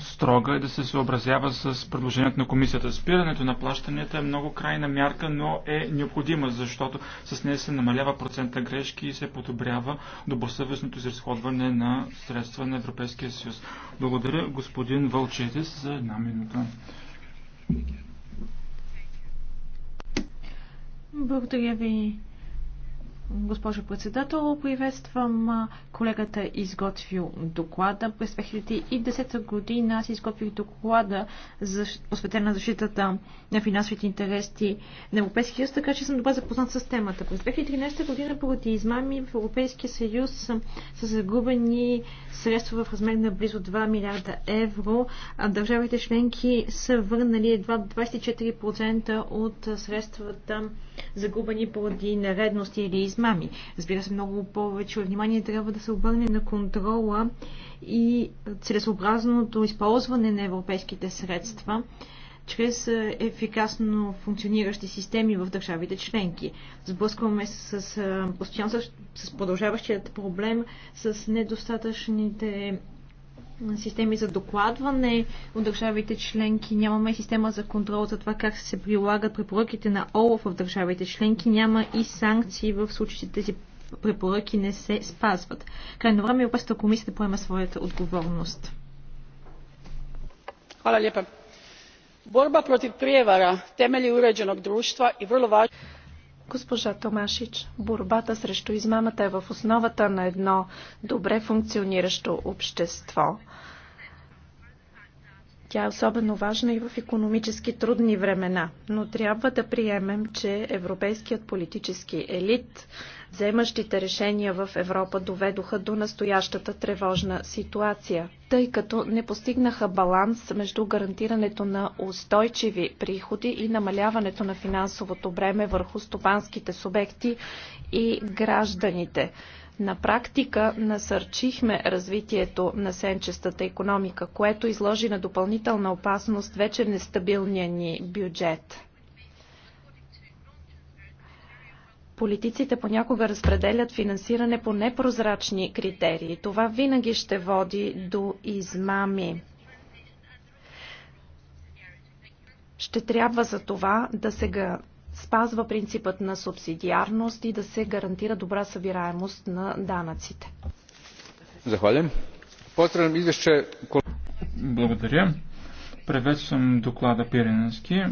строга и е да се съобразява с предложението на комисията. Спирането на плащанията е много крайна мярка, но е необходима, защото с нея се намалява процента грешки и се подобрява добросъвестното изразходване на средства на Европейския съюз. Благодаря господин Вълчетес за една минута. Благодаря ви, Госпожо председател, приветствам колегата е изготвил доклада. През 2010 година аз изготвих доклада, за, посветен на защитата на финансовите интереси на Европейския съюз, така че съм добре запознат с темата. През 2013 година поради измами в Европейския съюз са загубени средства в размер на близо 2 милиарда евро, а държавите членки са върнали едва 24% от средствата загубени поради наредности или измами измами. Разбира се, много повече внимание трябва да се обърне на контрола и целесообразното използване на европейските средства чрез е, ефикасно функциониращи системи в държавите членки. Сблъскваме се с, е, с, с продължаващият проблем с недостатъчните системи за докладване от държавите членки, нямаме система за контрол за това как се прилагат препоръките на ОЛАФ в държавите членки, няма и санкции в случай, че тези препоръки не се спазват. Крайно време е опасно комисията да поема своята отговорност. Hvala lijepa. Borba protiv prijevara temelj uređenog društva i vrlo važno Госпожа Томашич, борбата срещу измамата е в основата на едно добре функциониращо общество. Тя е особено важна и в економически трудни времена, но трябва да приемем, че европейският политически елит Вземащите решения в Европа доведоха до настоящата тревожна ситуация, тъй като не постигнаха баланс между гарантирането на устойчиви приходи и намаляването на финансовото бреме върху стопанските субекти и гражданите. На практика насърчихме развитието на сенчестата економика, което изложи на допълнителна опасност вече нестабилния ни бюджет. Политиците понякога разпределят финансиране по непрозрачни критерии. Това винаги ще води до измами. Ще трябва за това да се спазва принципът на субсидиарност и да се гарантира добра събираемост на данъците. Захвалям. Поздравям извеща... Благодаря. Приветствам доклада Пирински.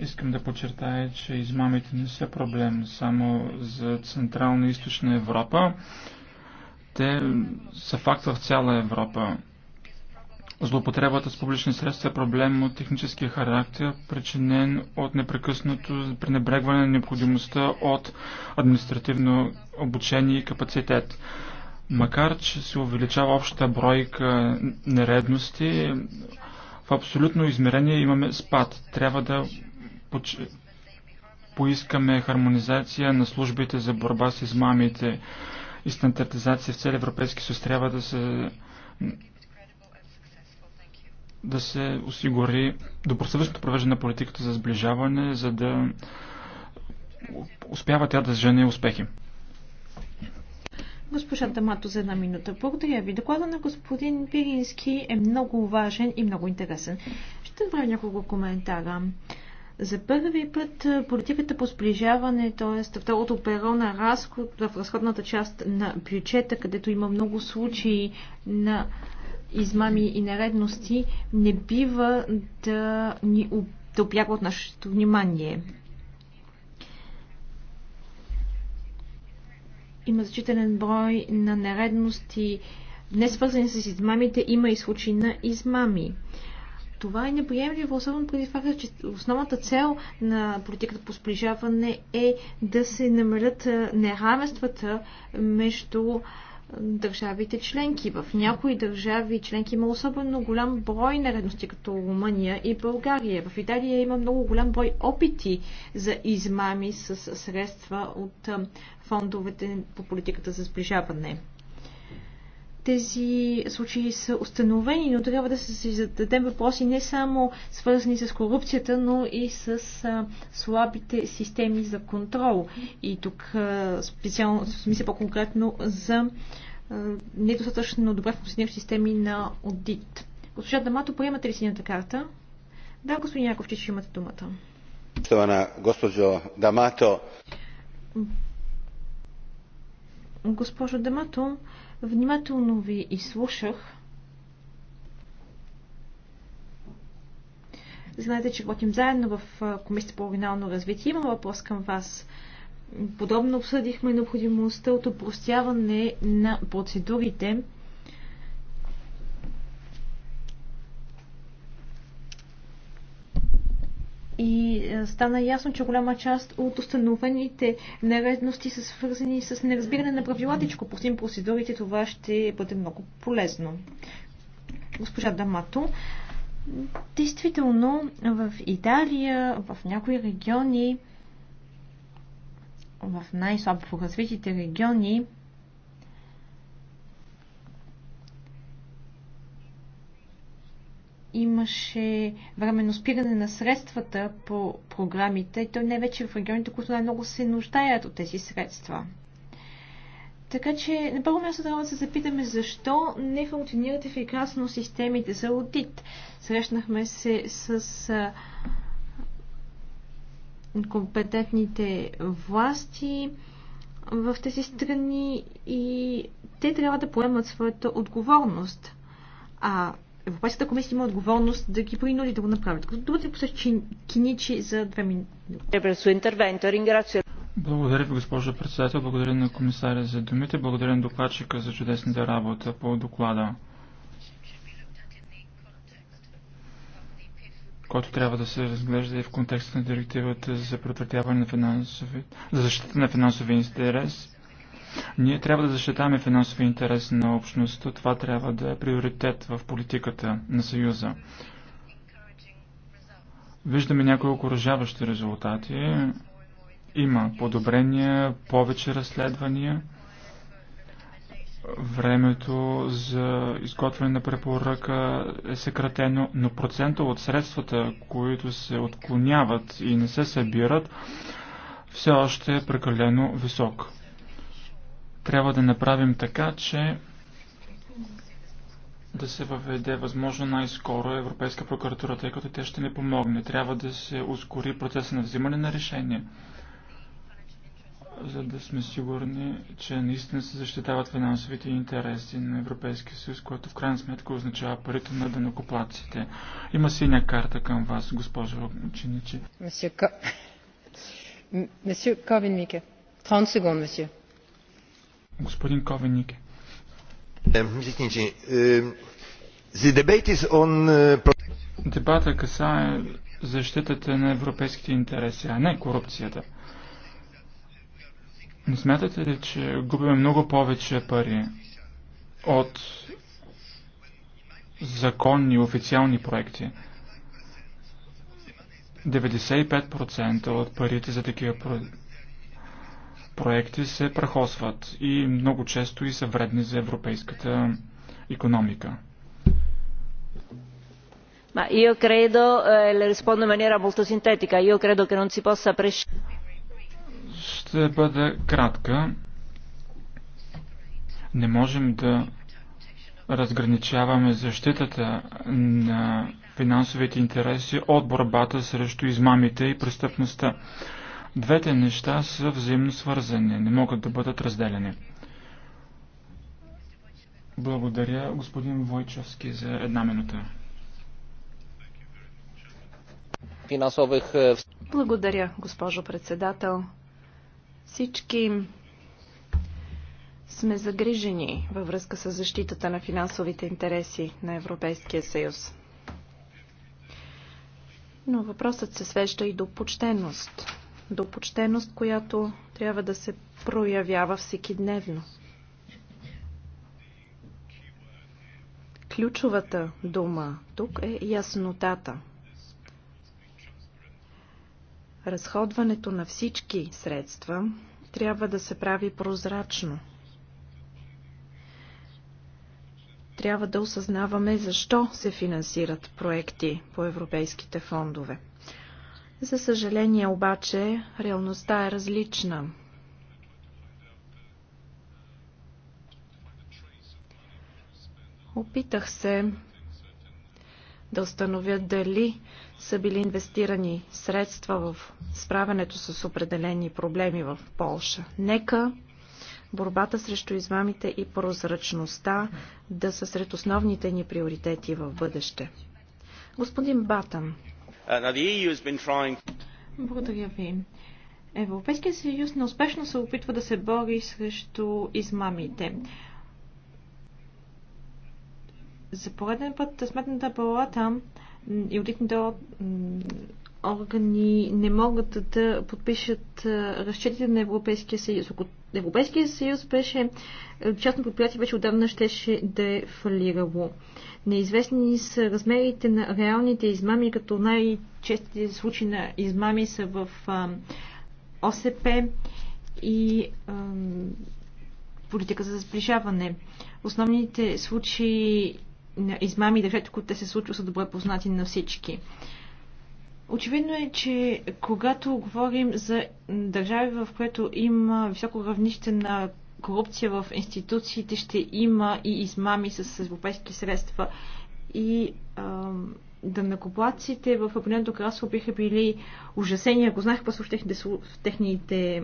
Искам да подчертая, че измамите не са проблем само за Централна и Източна Европа. Те са факт в цяла Европа. Злоупотребата с публични средства е проблем от технически характер, причинен от непрекъснато пренебрегване на необходимостта от административно обучение и капацитет. Макар, че се увеличава общата бройка нередности, в абсолютно измерение имаме спад. Трябва да поискаме хармонизация на службите за борба с измамите и стандартизация в цели Европейски съюз трябва да се да се осигури добросъвестното провеждане на политиката за сближаване, за да успява тя да жени успехи. Госпожа Дамато за една минута. Благодаря ви. Доклада на господин Пирински е много важен и много интересен. Ще направя няколко коментара. За първи път политиката по сближаване, т.е. второто перо на разход, в разходната част на бюджета, където има много случаи на измами и наредности, не бива да ни да от нашето внимание. Има значителен брой на наредности, не свързани с измамите, има и случаи на измами. Това е неприемливо, особено преди факта, че основната цел на политиката по сближаване е да се намалят неравенствата между държавите членки. В някои държави членки има особено голям брой наредности, като Румъния и България. В Италия има много голям брой опити за измами с средства от фондовете по политиката за сближаване тези случаи са установени, но трябва да се зададем въпроси не само свързани с корупцията, но и с а, слабите системи за контрол. И тук а, специално, смисъл по-конкретно за а, недостатъчно добре функциониращи системи на аудит. Госпожа Дамато, приемате ли синята карта? Да, господин Яковчич, имате думата. Шtovана госпожо Дамато. Госпожо Дамато, Внимателно ви изслушах. Знаете, че работим заедно в Комисията по оригинално развитие. Имам въпрос към вас. Подобно обсъдихме необходимостта от упростяване на процедурите и е, стана ясно, че голяма част от установените нередности са свързани с неразбиране на правилата, че ако простим процедурите, това ще бъде много полезно. Госпожа Дамато, действително в Италия, в някои региони, в най-слабо развитите региони, имаше временно спиране на средствата по програмите, той не е вече в регионите, които най-много се нуждаят от тези средства. Така че на първо място трябва да се запитаме защо не функционират ефикасно системите за аудит. Срещнахме се с а, компетентните власти в тези страни и те трябва да поемат своята отговорност. А Европейската комисия има отговорност да ги принуди да го направят. Като думата ви посещи Киничи за две минути. Е, Благодаря ви, госпожо председател. Благодаря на комисаря за думите. Благодаря на докладчика за чудесната работа по доклада, който трябва да се разглежда и в контекста на директивата за предотвратяване на финансови... за защита на финансови интерес ние трябва да защитаваме финансови интерес на общността. Това трябва да е приоритет в политиката на Съюза. Виждаме някои окоръжаващи резултати. Има подобрения, повече разследвания. Времето за изготвяне на препоръка е съкратено, но процента от средствата, които се отклоняват и не се събират, все още е прекалено висок. Трябва да направим така, че да се въведе възможно най-скоро Европейска прокуратура, тъй като тя ще ни помогне. Трябва да се ускори процеса на взимане на решение, за да сме сигурни, че наистина се защитават финансовите интереси на Европейския съюз, което в крайна сметка означава парите на данокоплаците. Има синя карта към вас, госпожо Чиничи. Месье Кавин Мике. 30 секунди, месье. Господин Ковеник. Е, е, е, Дебата касае защитата на европейските интереси, а не корупцията. Не смятате ли, че губим много повече пари от законни официални проекти? 95% от парите за такива проекти проекти се прахосват и много често и са вредни за европейската економика. Ma io credo, eh, le rispondo in maniera molto sintetica, io credo che non si possa prescindere. Ще бъда кратка. Не можем да разграничаваме защитата на финансовите интереси от борбата срещу измамите и престъпността. Двете неща са взаимно свързани, не могат да бъдат разделени. Благодаря, господин Войчовски, за една минута. Е, Благодаря, госпожо председател. Всички сме загрижени във връзка с защитата на финансовите интереси на Европейския съюз. Но въпросът се свежда и до почтеност до почтеност, която трябва да се проявява всеки дневно. Ключовата дума тук е яснотата. Разходването на всички средства трябва да се прави прозрачно. Трябва да осъзнаваме защо се финансират проекти по европейските фондове. За съжаление обаче, реалността е различна. Опитах се да установя дали са били инвестирани средства в справянето с определени проблеми в Полша. Нека борбата срещу измамите и прозрачността да са сред основните ни приоритети в бъдеще. Господин Батан, Uh, e Благодаря ви. Европейския съюз неуспешно се опитва да се бори срещу измамите. За пореден път Сметната палата и одитните органи не могат да подпишат разчетите на Европейския съюз. Ако Европейския съюз беше е, частно предприятие, вече отдавна щеше да е фалирало. Неизвестни са размерите на реалните измами, като най-честите случаи на измами са в ОСП и политика за сближаване. Основните случаи на измами, държавите, които те се случват, са добре познати на всички. Очевидно е, че когато говорим за държави, в което има високо равнище на корупция в институциите, ще има и измами с европейски средства. И ам, дънакоплаците в Абонентното кралство биха били ужасени, ако знаеха по в техните, в техните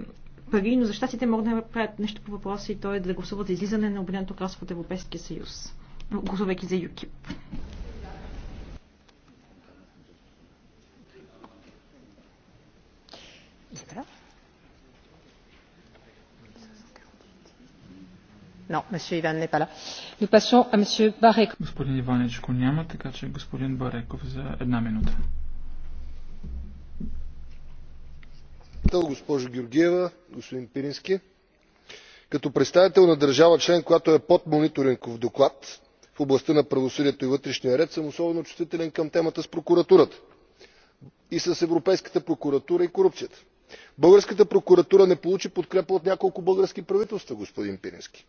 пари, но за щастите могат да направят нещо по въпроса и то е да гласуват за излизане на Обединеното кралство от Европейския съюз, гласувайки за ЮКИП. Господин Иванечко няма, така че господин Бареков за една минута. Госпожо Георгиева, господин Пирински, като представител на държава член, която е под мониторингов доклад в областта на правосъдието и вътрешния ред, съм особено чувствителен към темата с прокуратурата и с Европейската прокуратура и корупцията българската прокуратура не получи подкрепа от няколко български правителства господин пирински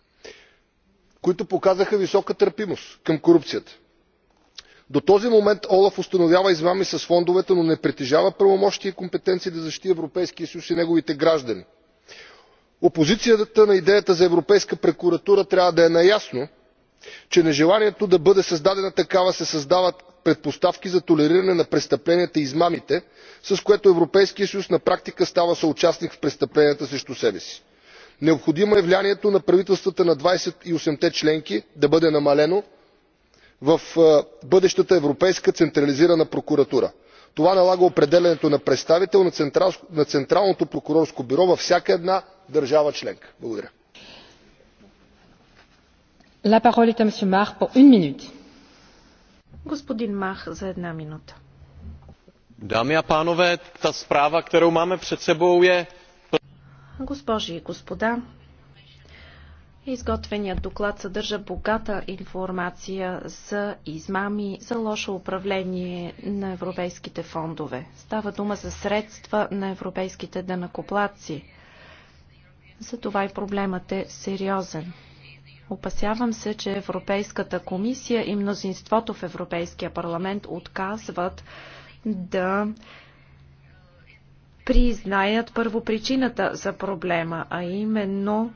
които показаха висока търпимост към корупцията. до този момент олаф установява измами с фондовете но не притежава правомощия и компетенции да защити европейския съюз и неговите граждани. опозицията на идеята за европейска прокуратура трябва да е наясно че нежеланието да бъде създадена такава се създава предпоставки за толериране на престъпленията и измамите с което европейският съюз на практика става съучастник в престъпленията срещу себе си. необходимо е влиянието на правителствата на двадесет и осемте членки да бъде намалено в бъдещата европейска централизирана прокуратура. това налага определянето на представител на централното прокурорско бюро във всяка една държава членка. благодаря. Господин Мах за една минута. Дами и панове, та справа, kterou máme před sebou е... Госпожи и господа, Изготвеният доклад съдържа богата информация за измами, за лошо управление на европейските фондове. Става дума за средства на европейските За това и проблемът е сериозен. Опасявам се, че Европейската комисия и мнозинството в Европейския парламент отказват да признаят първо причината за проблема, а именно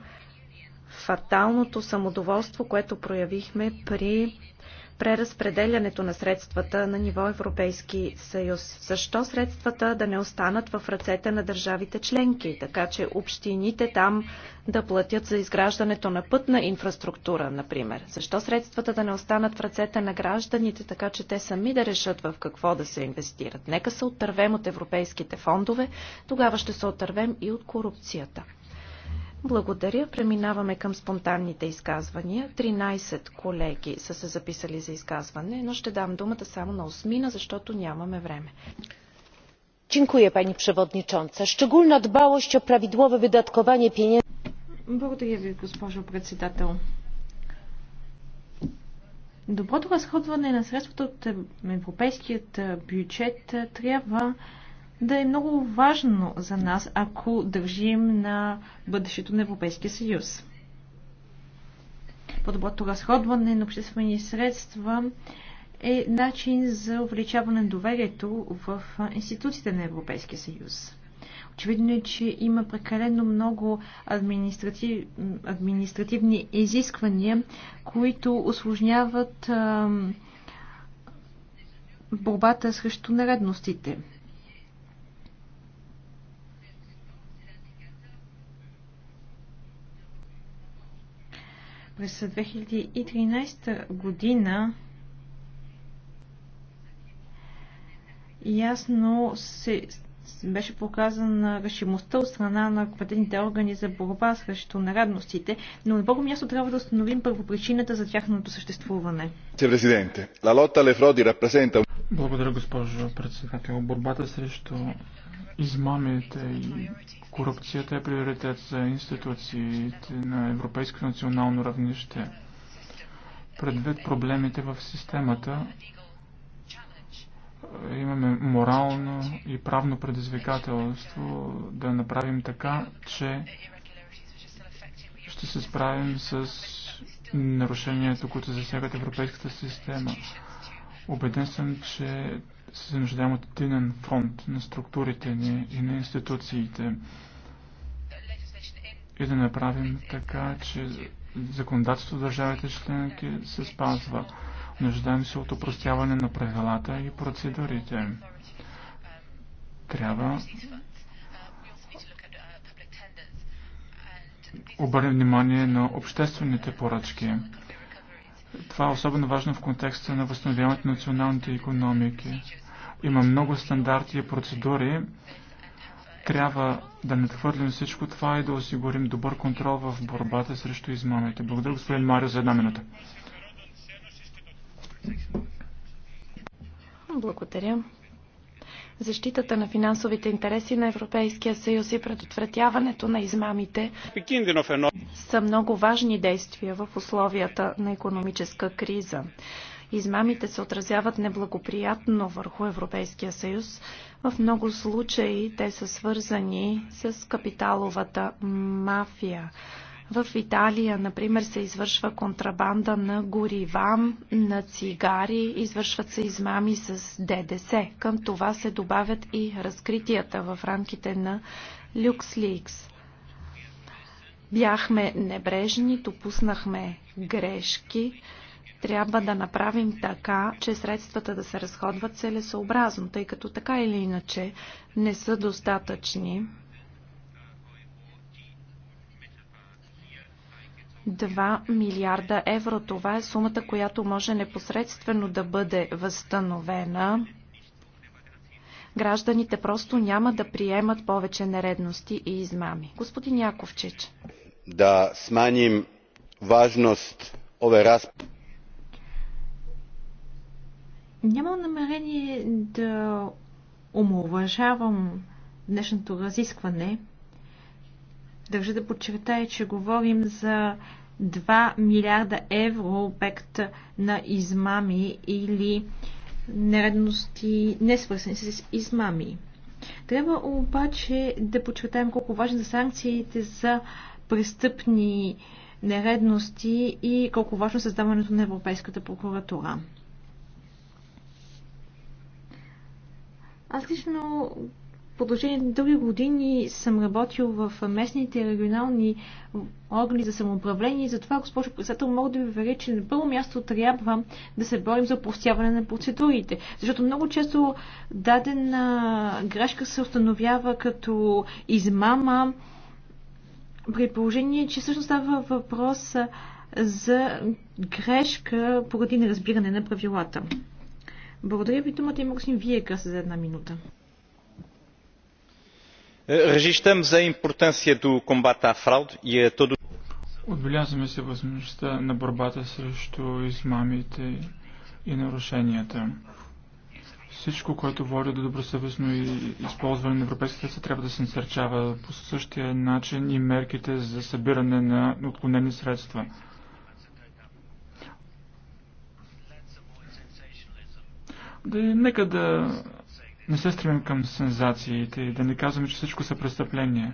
фаталното самодоволство, което проявихме при преразпределянето на средствата на ниво Европейски съюз. Защо средствата да не останат в ръцете на държавите членки, така че общините там да платят за изграждането на пътна инфраструктура, например? Защо средствата да не останат в ръцете на гражданите, така че те сами да решат в какво да се инвестират? Нека се отървем от европейските фондове, тогава ще се отървем и от корупцията. Благодаря. Преминаваме към спонтанните изказвания. 13 колеги са се записали за изказване, но ще дам думата само на осмина, защото нямаме време. Dziękuję Pani Przewodnicząca. Szczególna dbałość o prawidłowe wydatkowanie pieniędzy. Благодаря Ви, госпожо председател. Доброто разходване на средствата от европейският е, бюджет е, трябва да е много важно за нас, ако държим на бъдещето на Европейския съюз. По-доброто разходване на обществени средства е начин за увеличаване на доверието в институциите на Европейския съюз. Очевидно е, че има прекалено много административ, административни изисквания, които осложняват борбата срещу нередностите. През 2013 година ясно се беше показана решимостта от страна на компетентните органи за борба срещу нарадностите, но на първо място трябва да установим първопричината за тяхното съществуване. Благодаря, госпожо председател. Борбата срещу измамите и Корупцията е приоритет за институциите на европейско национално равнище. Предвид проблемите в системата, имаме морално и правно предизвикателство да направим така, че ще се справим с нарушението, които засягат европейската система. Обеден съм, че се нуждаем от единен фронт на структурите ни и на институциите и да направим така, че законодателството в държавите членки се спазва. Нуждаем се от упростяване на правилата и процедурите. Трябва обърнем внимание на обществените поръчки. Това е особено важно в контекста на възстановяването на националните економики. Има много стандарти и процедури. Трябва да надхвърлим всичко това и да осигурим добър контрол в борбата срещу измамите. Благодаря, господин Марио, за една минута. Благодаря защитата на финансовите интереси на Европейския съюз и предотвратяването на измамите са много важни действия в условията на економическа криза. Измамите се отразяват неблагоприятно върху Европейския съюз. В много случаи те са свързани с капиталовата мафия. В Италия, например, се извършва контрабанда на горива, на цигари, извършват се измами с ДДС. Към това се добавят и разкритията в рамките на LuxLeaks. Бяхме небрежни, допуснахме грешки. Трябва да направим така, че средствата да се разходват целесообразно, тъй като така или иначе не са достатъчни. 2 милиарда евро. Това е сумата, която може непосредствено да бъде възстановена. Гражданите просто няма да приемат повече нередности и измами. Господин Яковчич. Да сманим важност ове раз... Нямам намерение да омалважавам днешното разискване, Държа да подчертая, че говорим за 2 милиарда евро обект на измами или нередности, не свързани с измами. Трябва обаче да подчертаем колко важни са санкциите за престъпни нередности и колко важно е създаването на Европейската прокуратура. Аз лично продължение на дълги години съм работил в местните регионални органи за самоуправление и затова, госпожо председател, мога да ви уверя, че на първо място трябва да се борим за опростяване на процедурите. Защото много често дадена грешка се установява като измама при положение, че всъщност става въпрос за грешка поради неразбиране на правилата. Благодаря ви, думата има господин Виекъс за една минута. Регистъм за импортенция до комбата фрауд и е todo... Отбелязваме се възможността на борбата срещу измамите и нарушенията. Всичко, което води до добросъвестно използване на европейските средства, трябва да се насърчава по същия начин и мерките за събиране на отклонени средства. Да, нека да не се стремим към сензациите и да не казваме, че всичко са престъпления.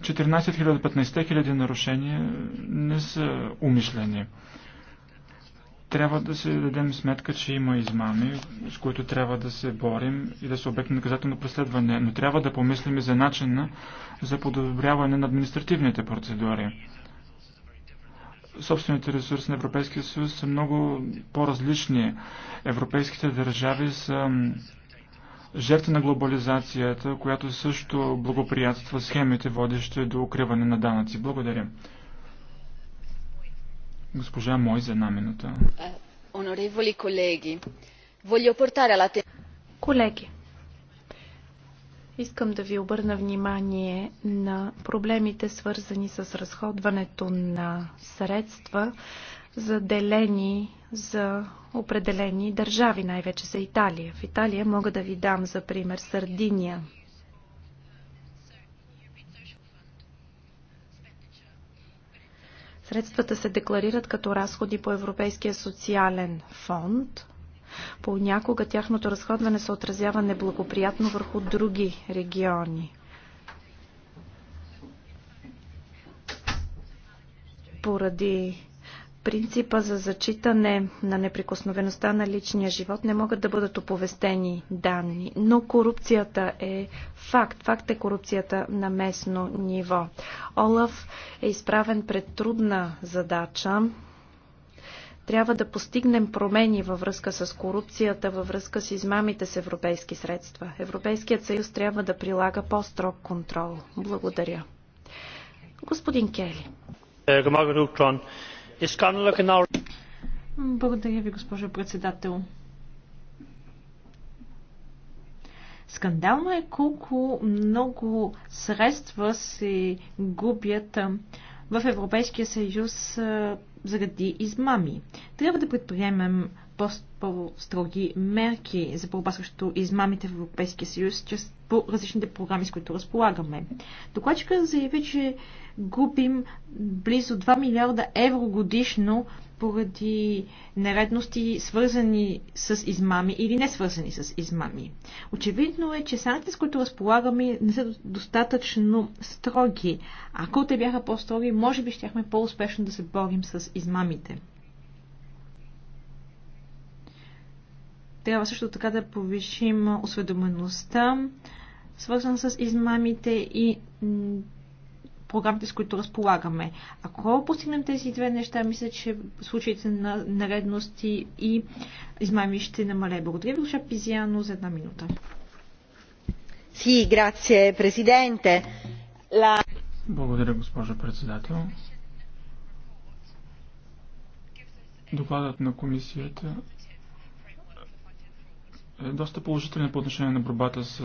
14 000, 15 000 нарушения не са умишлени. Трябва да се дадем сметка, че има измами, с които трябва да се борим и да се обект на наказателно преследване, но трябва да помислим и за начина за подобряване на административните процедури собствените ресурси на Европейския съюз са много по-различни. Европейските държави са жертва на глобализацията, която също благоприятства схемите, водещи до укриване на данъци. Благодаря. Госпожа Мой за една минута. Е, колеги, Колеги, Искам да ви обърна внимание на проблемите, свързани с разходването на средства, заделени за определени държави, най-вече за Италия. В Италия мога да ви дам за пример Сардиния. Средствата се декларират като разходи по Европейския социален фонд, Понякога тяхното разходване се отразява неблагоприятно върху други региони. Поради принципа за зачитане на неприкосновеността на личния живот не могат да бъдат оповестени данни, но корупцията е факт. Факт е корупцията на местно ниво. Олаф е изправен пред трудна задача. Трябва да постигнем промени във връзка с корупцията, във връзка с измамите с европейски средства. Европейският съюз трябва да прилага по-строг контрол. Благодаря. Господин Кели. Благодаря ви, госпожо председател. Скандално е колко много средства се губят в Европейския съюз заради измами. Трябва да предприемем по-строги мерки за борба срещу измамите в Европейския съюз чрез по различните програми, с които разполагаме. Докладчика заяви, че губим близо 2 милиарда евро годишно поради нередности, свързани с измами или не свързани с измами. Очевидно е, че санкциите, с които разполагаме, не са достатъчно строги. Ако те бяха по-строги, може би щяхме по-успешно да се борим с измамите. Трябва също така да повишим осведомеността, свързана с измамите и програмите, с които разполагаме. Ако постигнем тези две неща, мисля, че случаите на наредности и измами ще намале. Благодаря ви, Пизиано, за една минута. Си, грация, президенте. Благодаря, госпожо председател. Докладът на комисията е доста положителен по отношение на борбата с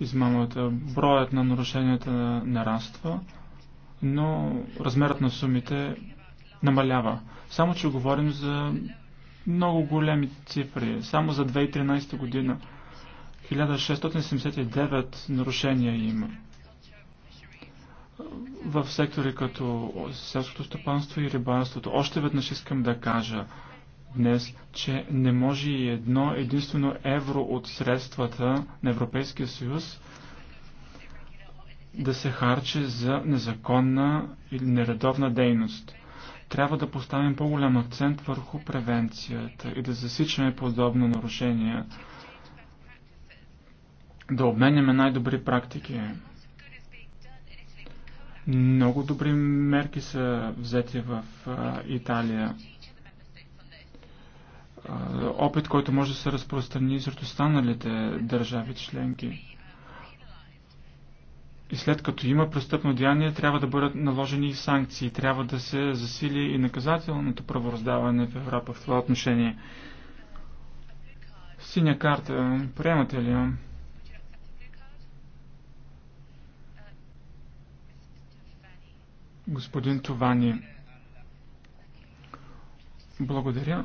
измамата. Броят на нарушенията нараства, но размерът на сумите намалява. Само, че говорим за много големи цифри. Само за 2013 година 1679 нарушения има в сектори като селското стопанство и рибарството. Още веднъж искам да кажа – днес, че не може и едно единствено евро от средствата на Европейския съюз да се харче за незаконна или нередовна дейност. Трябва да поставим по-голям акцент върху превенцията и да засичаме подобно нарушение, да обменяме най-добри практики. Много добри мерки са взети в Италия опит, който може да се разпространи сред останалите държави членки. И след като има престъпно деяние, трябва да бъдат наложени и санкции, трябва да се засили и наказателното правораздаване в Европа в това отношение. Синя карта, приемате ли я? Господин Товани. Благодаря.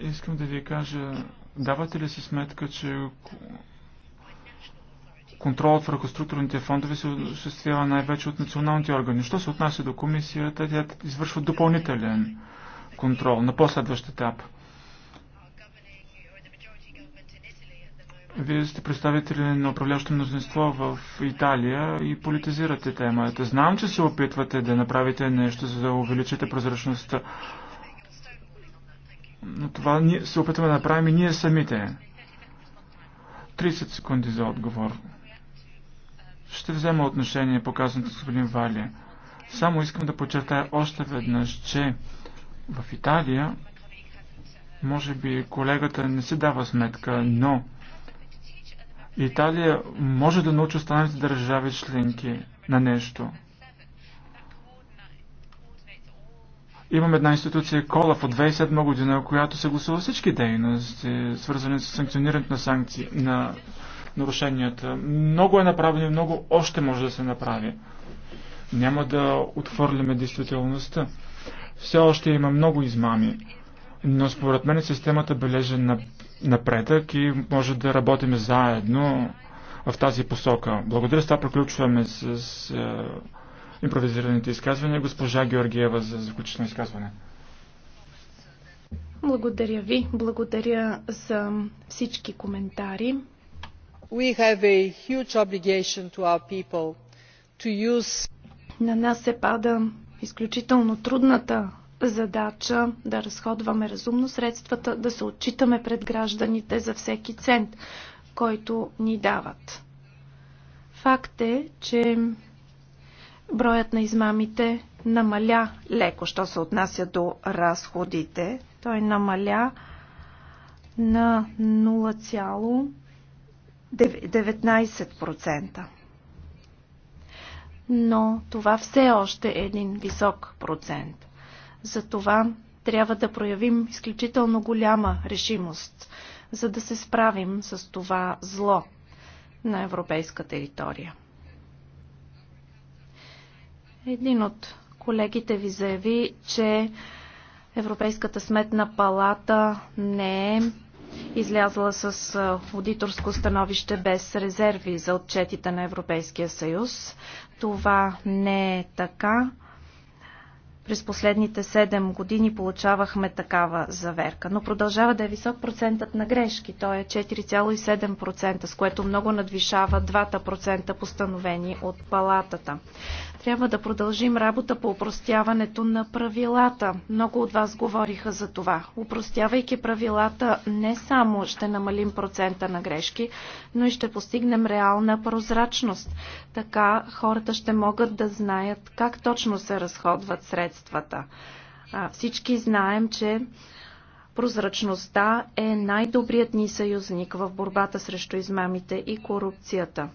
Искам да ви кажа, давате ли си сметка, че контролът върху структурните фондове се осъществява най-вече от националните органи. Що се отнася до комисията, тя извършва допълнителен контрол на последващ етап. Вие сте представители на управляващо мнозинство в Италия и политизирате темата. Знам, че се опитвате да направите нещо, за да увеличите прозрачността. Но това ние се опитваме да направим и ние самите. 30 секунди за отговор. Ще взема отношение по казаното господин Вали. Само искам да подчертая още веднъж, че в Италия, може би колегата не си дава сметка, но Италия може да научи останалите държави членки на нещо. Имам една институция Колав от 2007 година, която се гласува всички дейности, свързани с санкционирането на санкции, на нарушенията. Много е направено и много още може да се направи. Няма да отвърляме действителността. Все още има много измами, но според мен системата бележи напредък и може да работим заедно в тази посока. Благодаря, с това приключваме с импровизираните изказвания. Госпожа Георгиева за заключително изказване. Благодаря ви. Благодаря за всички коментари. We have a huge obligation to our people to use... На нас се пада изключително трудната задача да разходваме разумно средствата, да се отчитаме пред гражданите за всеки цент, който ни дават. Факт е, че Броят на измамите намаля леко, що се отнася до разходите. Той намаля на 0,19%. Но това все още е един висок процент. Затова трябва да проявим изключително голяма решимост, за да се справим с това зло на европейска територия. Един от колегите ви заяви, че Европейската сметна палата не е излязла с аудиторско становище без резерви за отчетите на Европейския съюз. Това не е така. През последните 7 години получавахме такава заверка, но продължава да е висок процентът на грешки. Той е 4,7%, с което много надвишава 2% постановени от палатата. Трябва да продължим работа по упростяването на правилата. Много от вас говориха за това. Упростявайки правилата, не само ще намалим процента на грешки, но и ще постигнем реална прозрачност. Така хората ще могат да знаят как точно се разходват средствата. Всички знаем, че прозрачността е най-добрият ни съюзник в борбата срещу измамите и корупцията.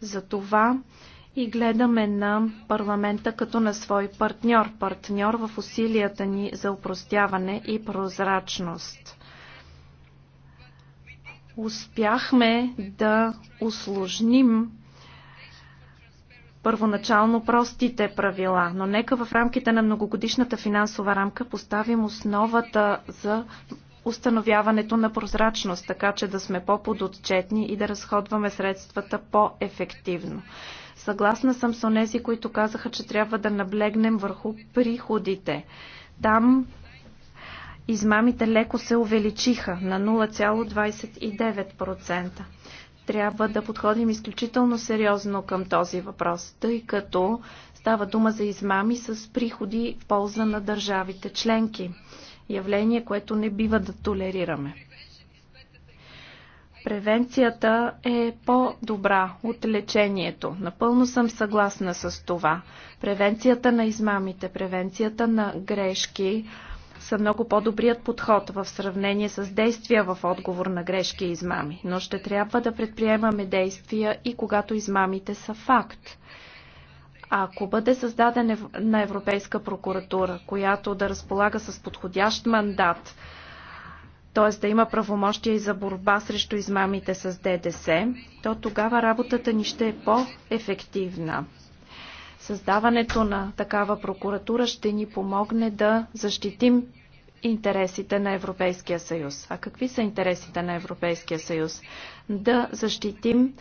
Затова и гледаме на парламента като на свой партньор, партньор в усилията ни за упростяване и прозрачност. Успяхме да усложним първоначално простите правила, но нека в рамките на многогодишната финансова рамка поставим основата за установяването на прозрачност, така че да сме по-подотчетни и да разходваме средствата по-ефективно. Съгласна съм с онези, които казаха, че трябва да наблегнем върху приходите. Там измамите леко се увеличиха на 0,29%. Трябва да подходим изключително сериозно към този въпрос, тъй като става дума за измами с приходи в полза на държавите членки явление, което не бива да толерираме. Превенцията е по-добра от лечението. Напълно съм съгласна с това. Превенцията на измамите, превенцията на грешки са много по-добрият подход в сравнение с действия в отговор на грешки и измами. Но ще трябва да предприемаме действия и когато измамите са факт. Ако бъде на Европейска прокуратура, която да разполага с подходящ мандат, т.е. да има правомощия и за борба срещу измамите с ДДС, то тогава работата ни ще е по-ефективна. Създаването на такава прокуратура ще ни помогне да защитим интересите на Европейския съюз. А какви са интересите на Европейския съюз? Да защитим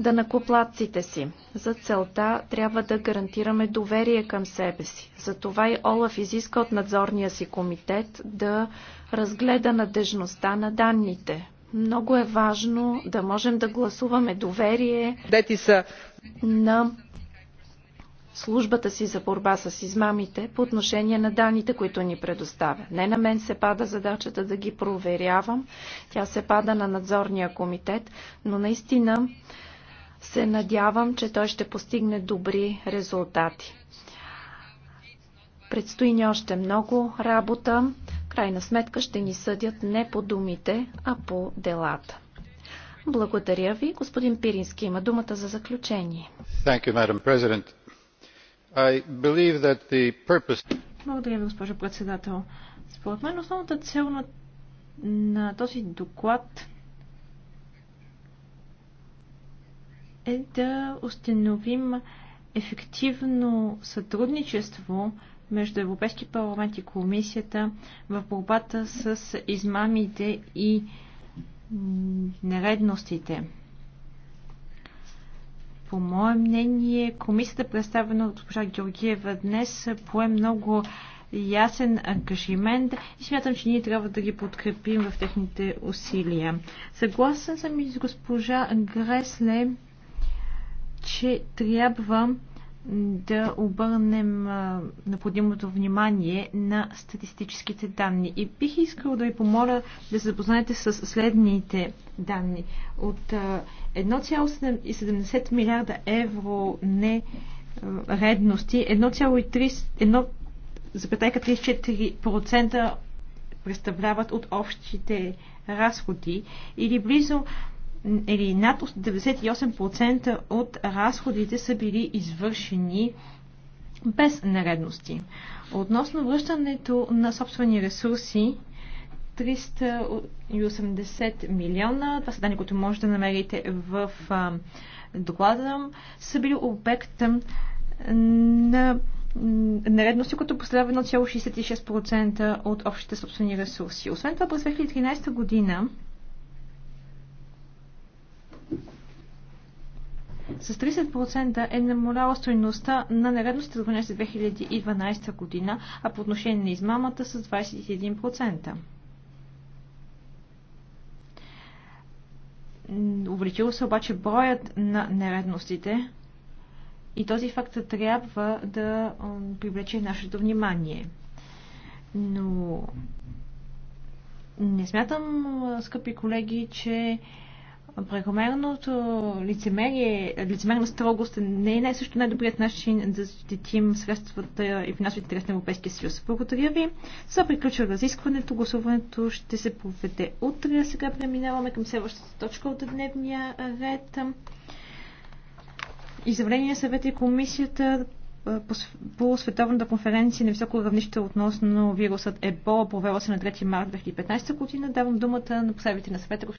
данакоплатците си. За целта трябва да гарантираме доверие към себе си. Затова и Олаф изиска от надзорния си комитет да разгледа надежността на данните. Много е важно да можем да гласуваме доверие са... на службата си за борба с измамите по отношение на данните, които ни предоставя. Не на мен се пада задачата да ги проверявам, тя се пада на надзорния комитет, но наистина се надявам, че той ще постигне добри резултати. Предстои ни още много работа. Крайна сметка ще ни съдят не по думите, а по делата. Благодаря ви. Господин Пирински има думата за заключение. Благодаря ви, госпожо председател. Според мен основната цел на, на този доклад е да установим ефективно сътрудничество между Европейски парламент и комисията в борбата с измамите и нередностите. По мое мнение, комисията, представена от госпожа Георгиева днес, пое много ясен ангажимент и смятам, че ние трябва да ги подкрепим в техните усилия. Съгласен съм и с госпожа Гресле, че трябва да обърнем необходимото внимание на статистическите данни. И бих искал да ви помоля да се запознаете с следните данни. От 1,70 милиарда евро не редности, 1,34% представляват от общите разходи или близо или над 98% от разходите са били извършени без наредности. Относно връщането на собствени ресурси, 380 милиона, това са данни, които може да намерите в доклада, са били обект на наредности, като представлява 1,66% от общите собствени ресурси. Освен това, през 2013 година с 30% е намаляла стоеността на нередностите за 2012 година, а по отношение на измамата с 21%. Увеличило се обаче броят на нередностите и този факт трябва да привлече нашето внимание. Но не смятам, скъпи колеги, че прекомерното лицемерие, лицемерна строгост не е най- също най-добрият начин да защитим средствата и финансовите интереси на Европейския съюз. Благодаря ви. Сега приключва разискването. Гласуването ще се проведе утре. Сега преминаваме към следващата точка от дневния ред. Изявление на съвета и комисията по, световната конференция на високо равнище относно вирусът ЕБО, провела се на 3 марта 2015 година. Давам думата на представите на съвета.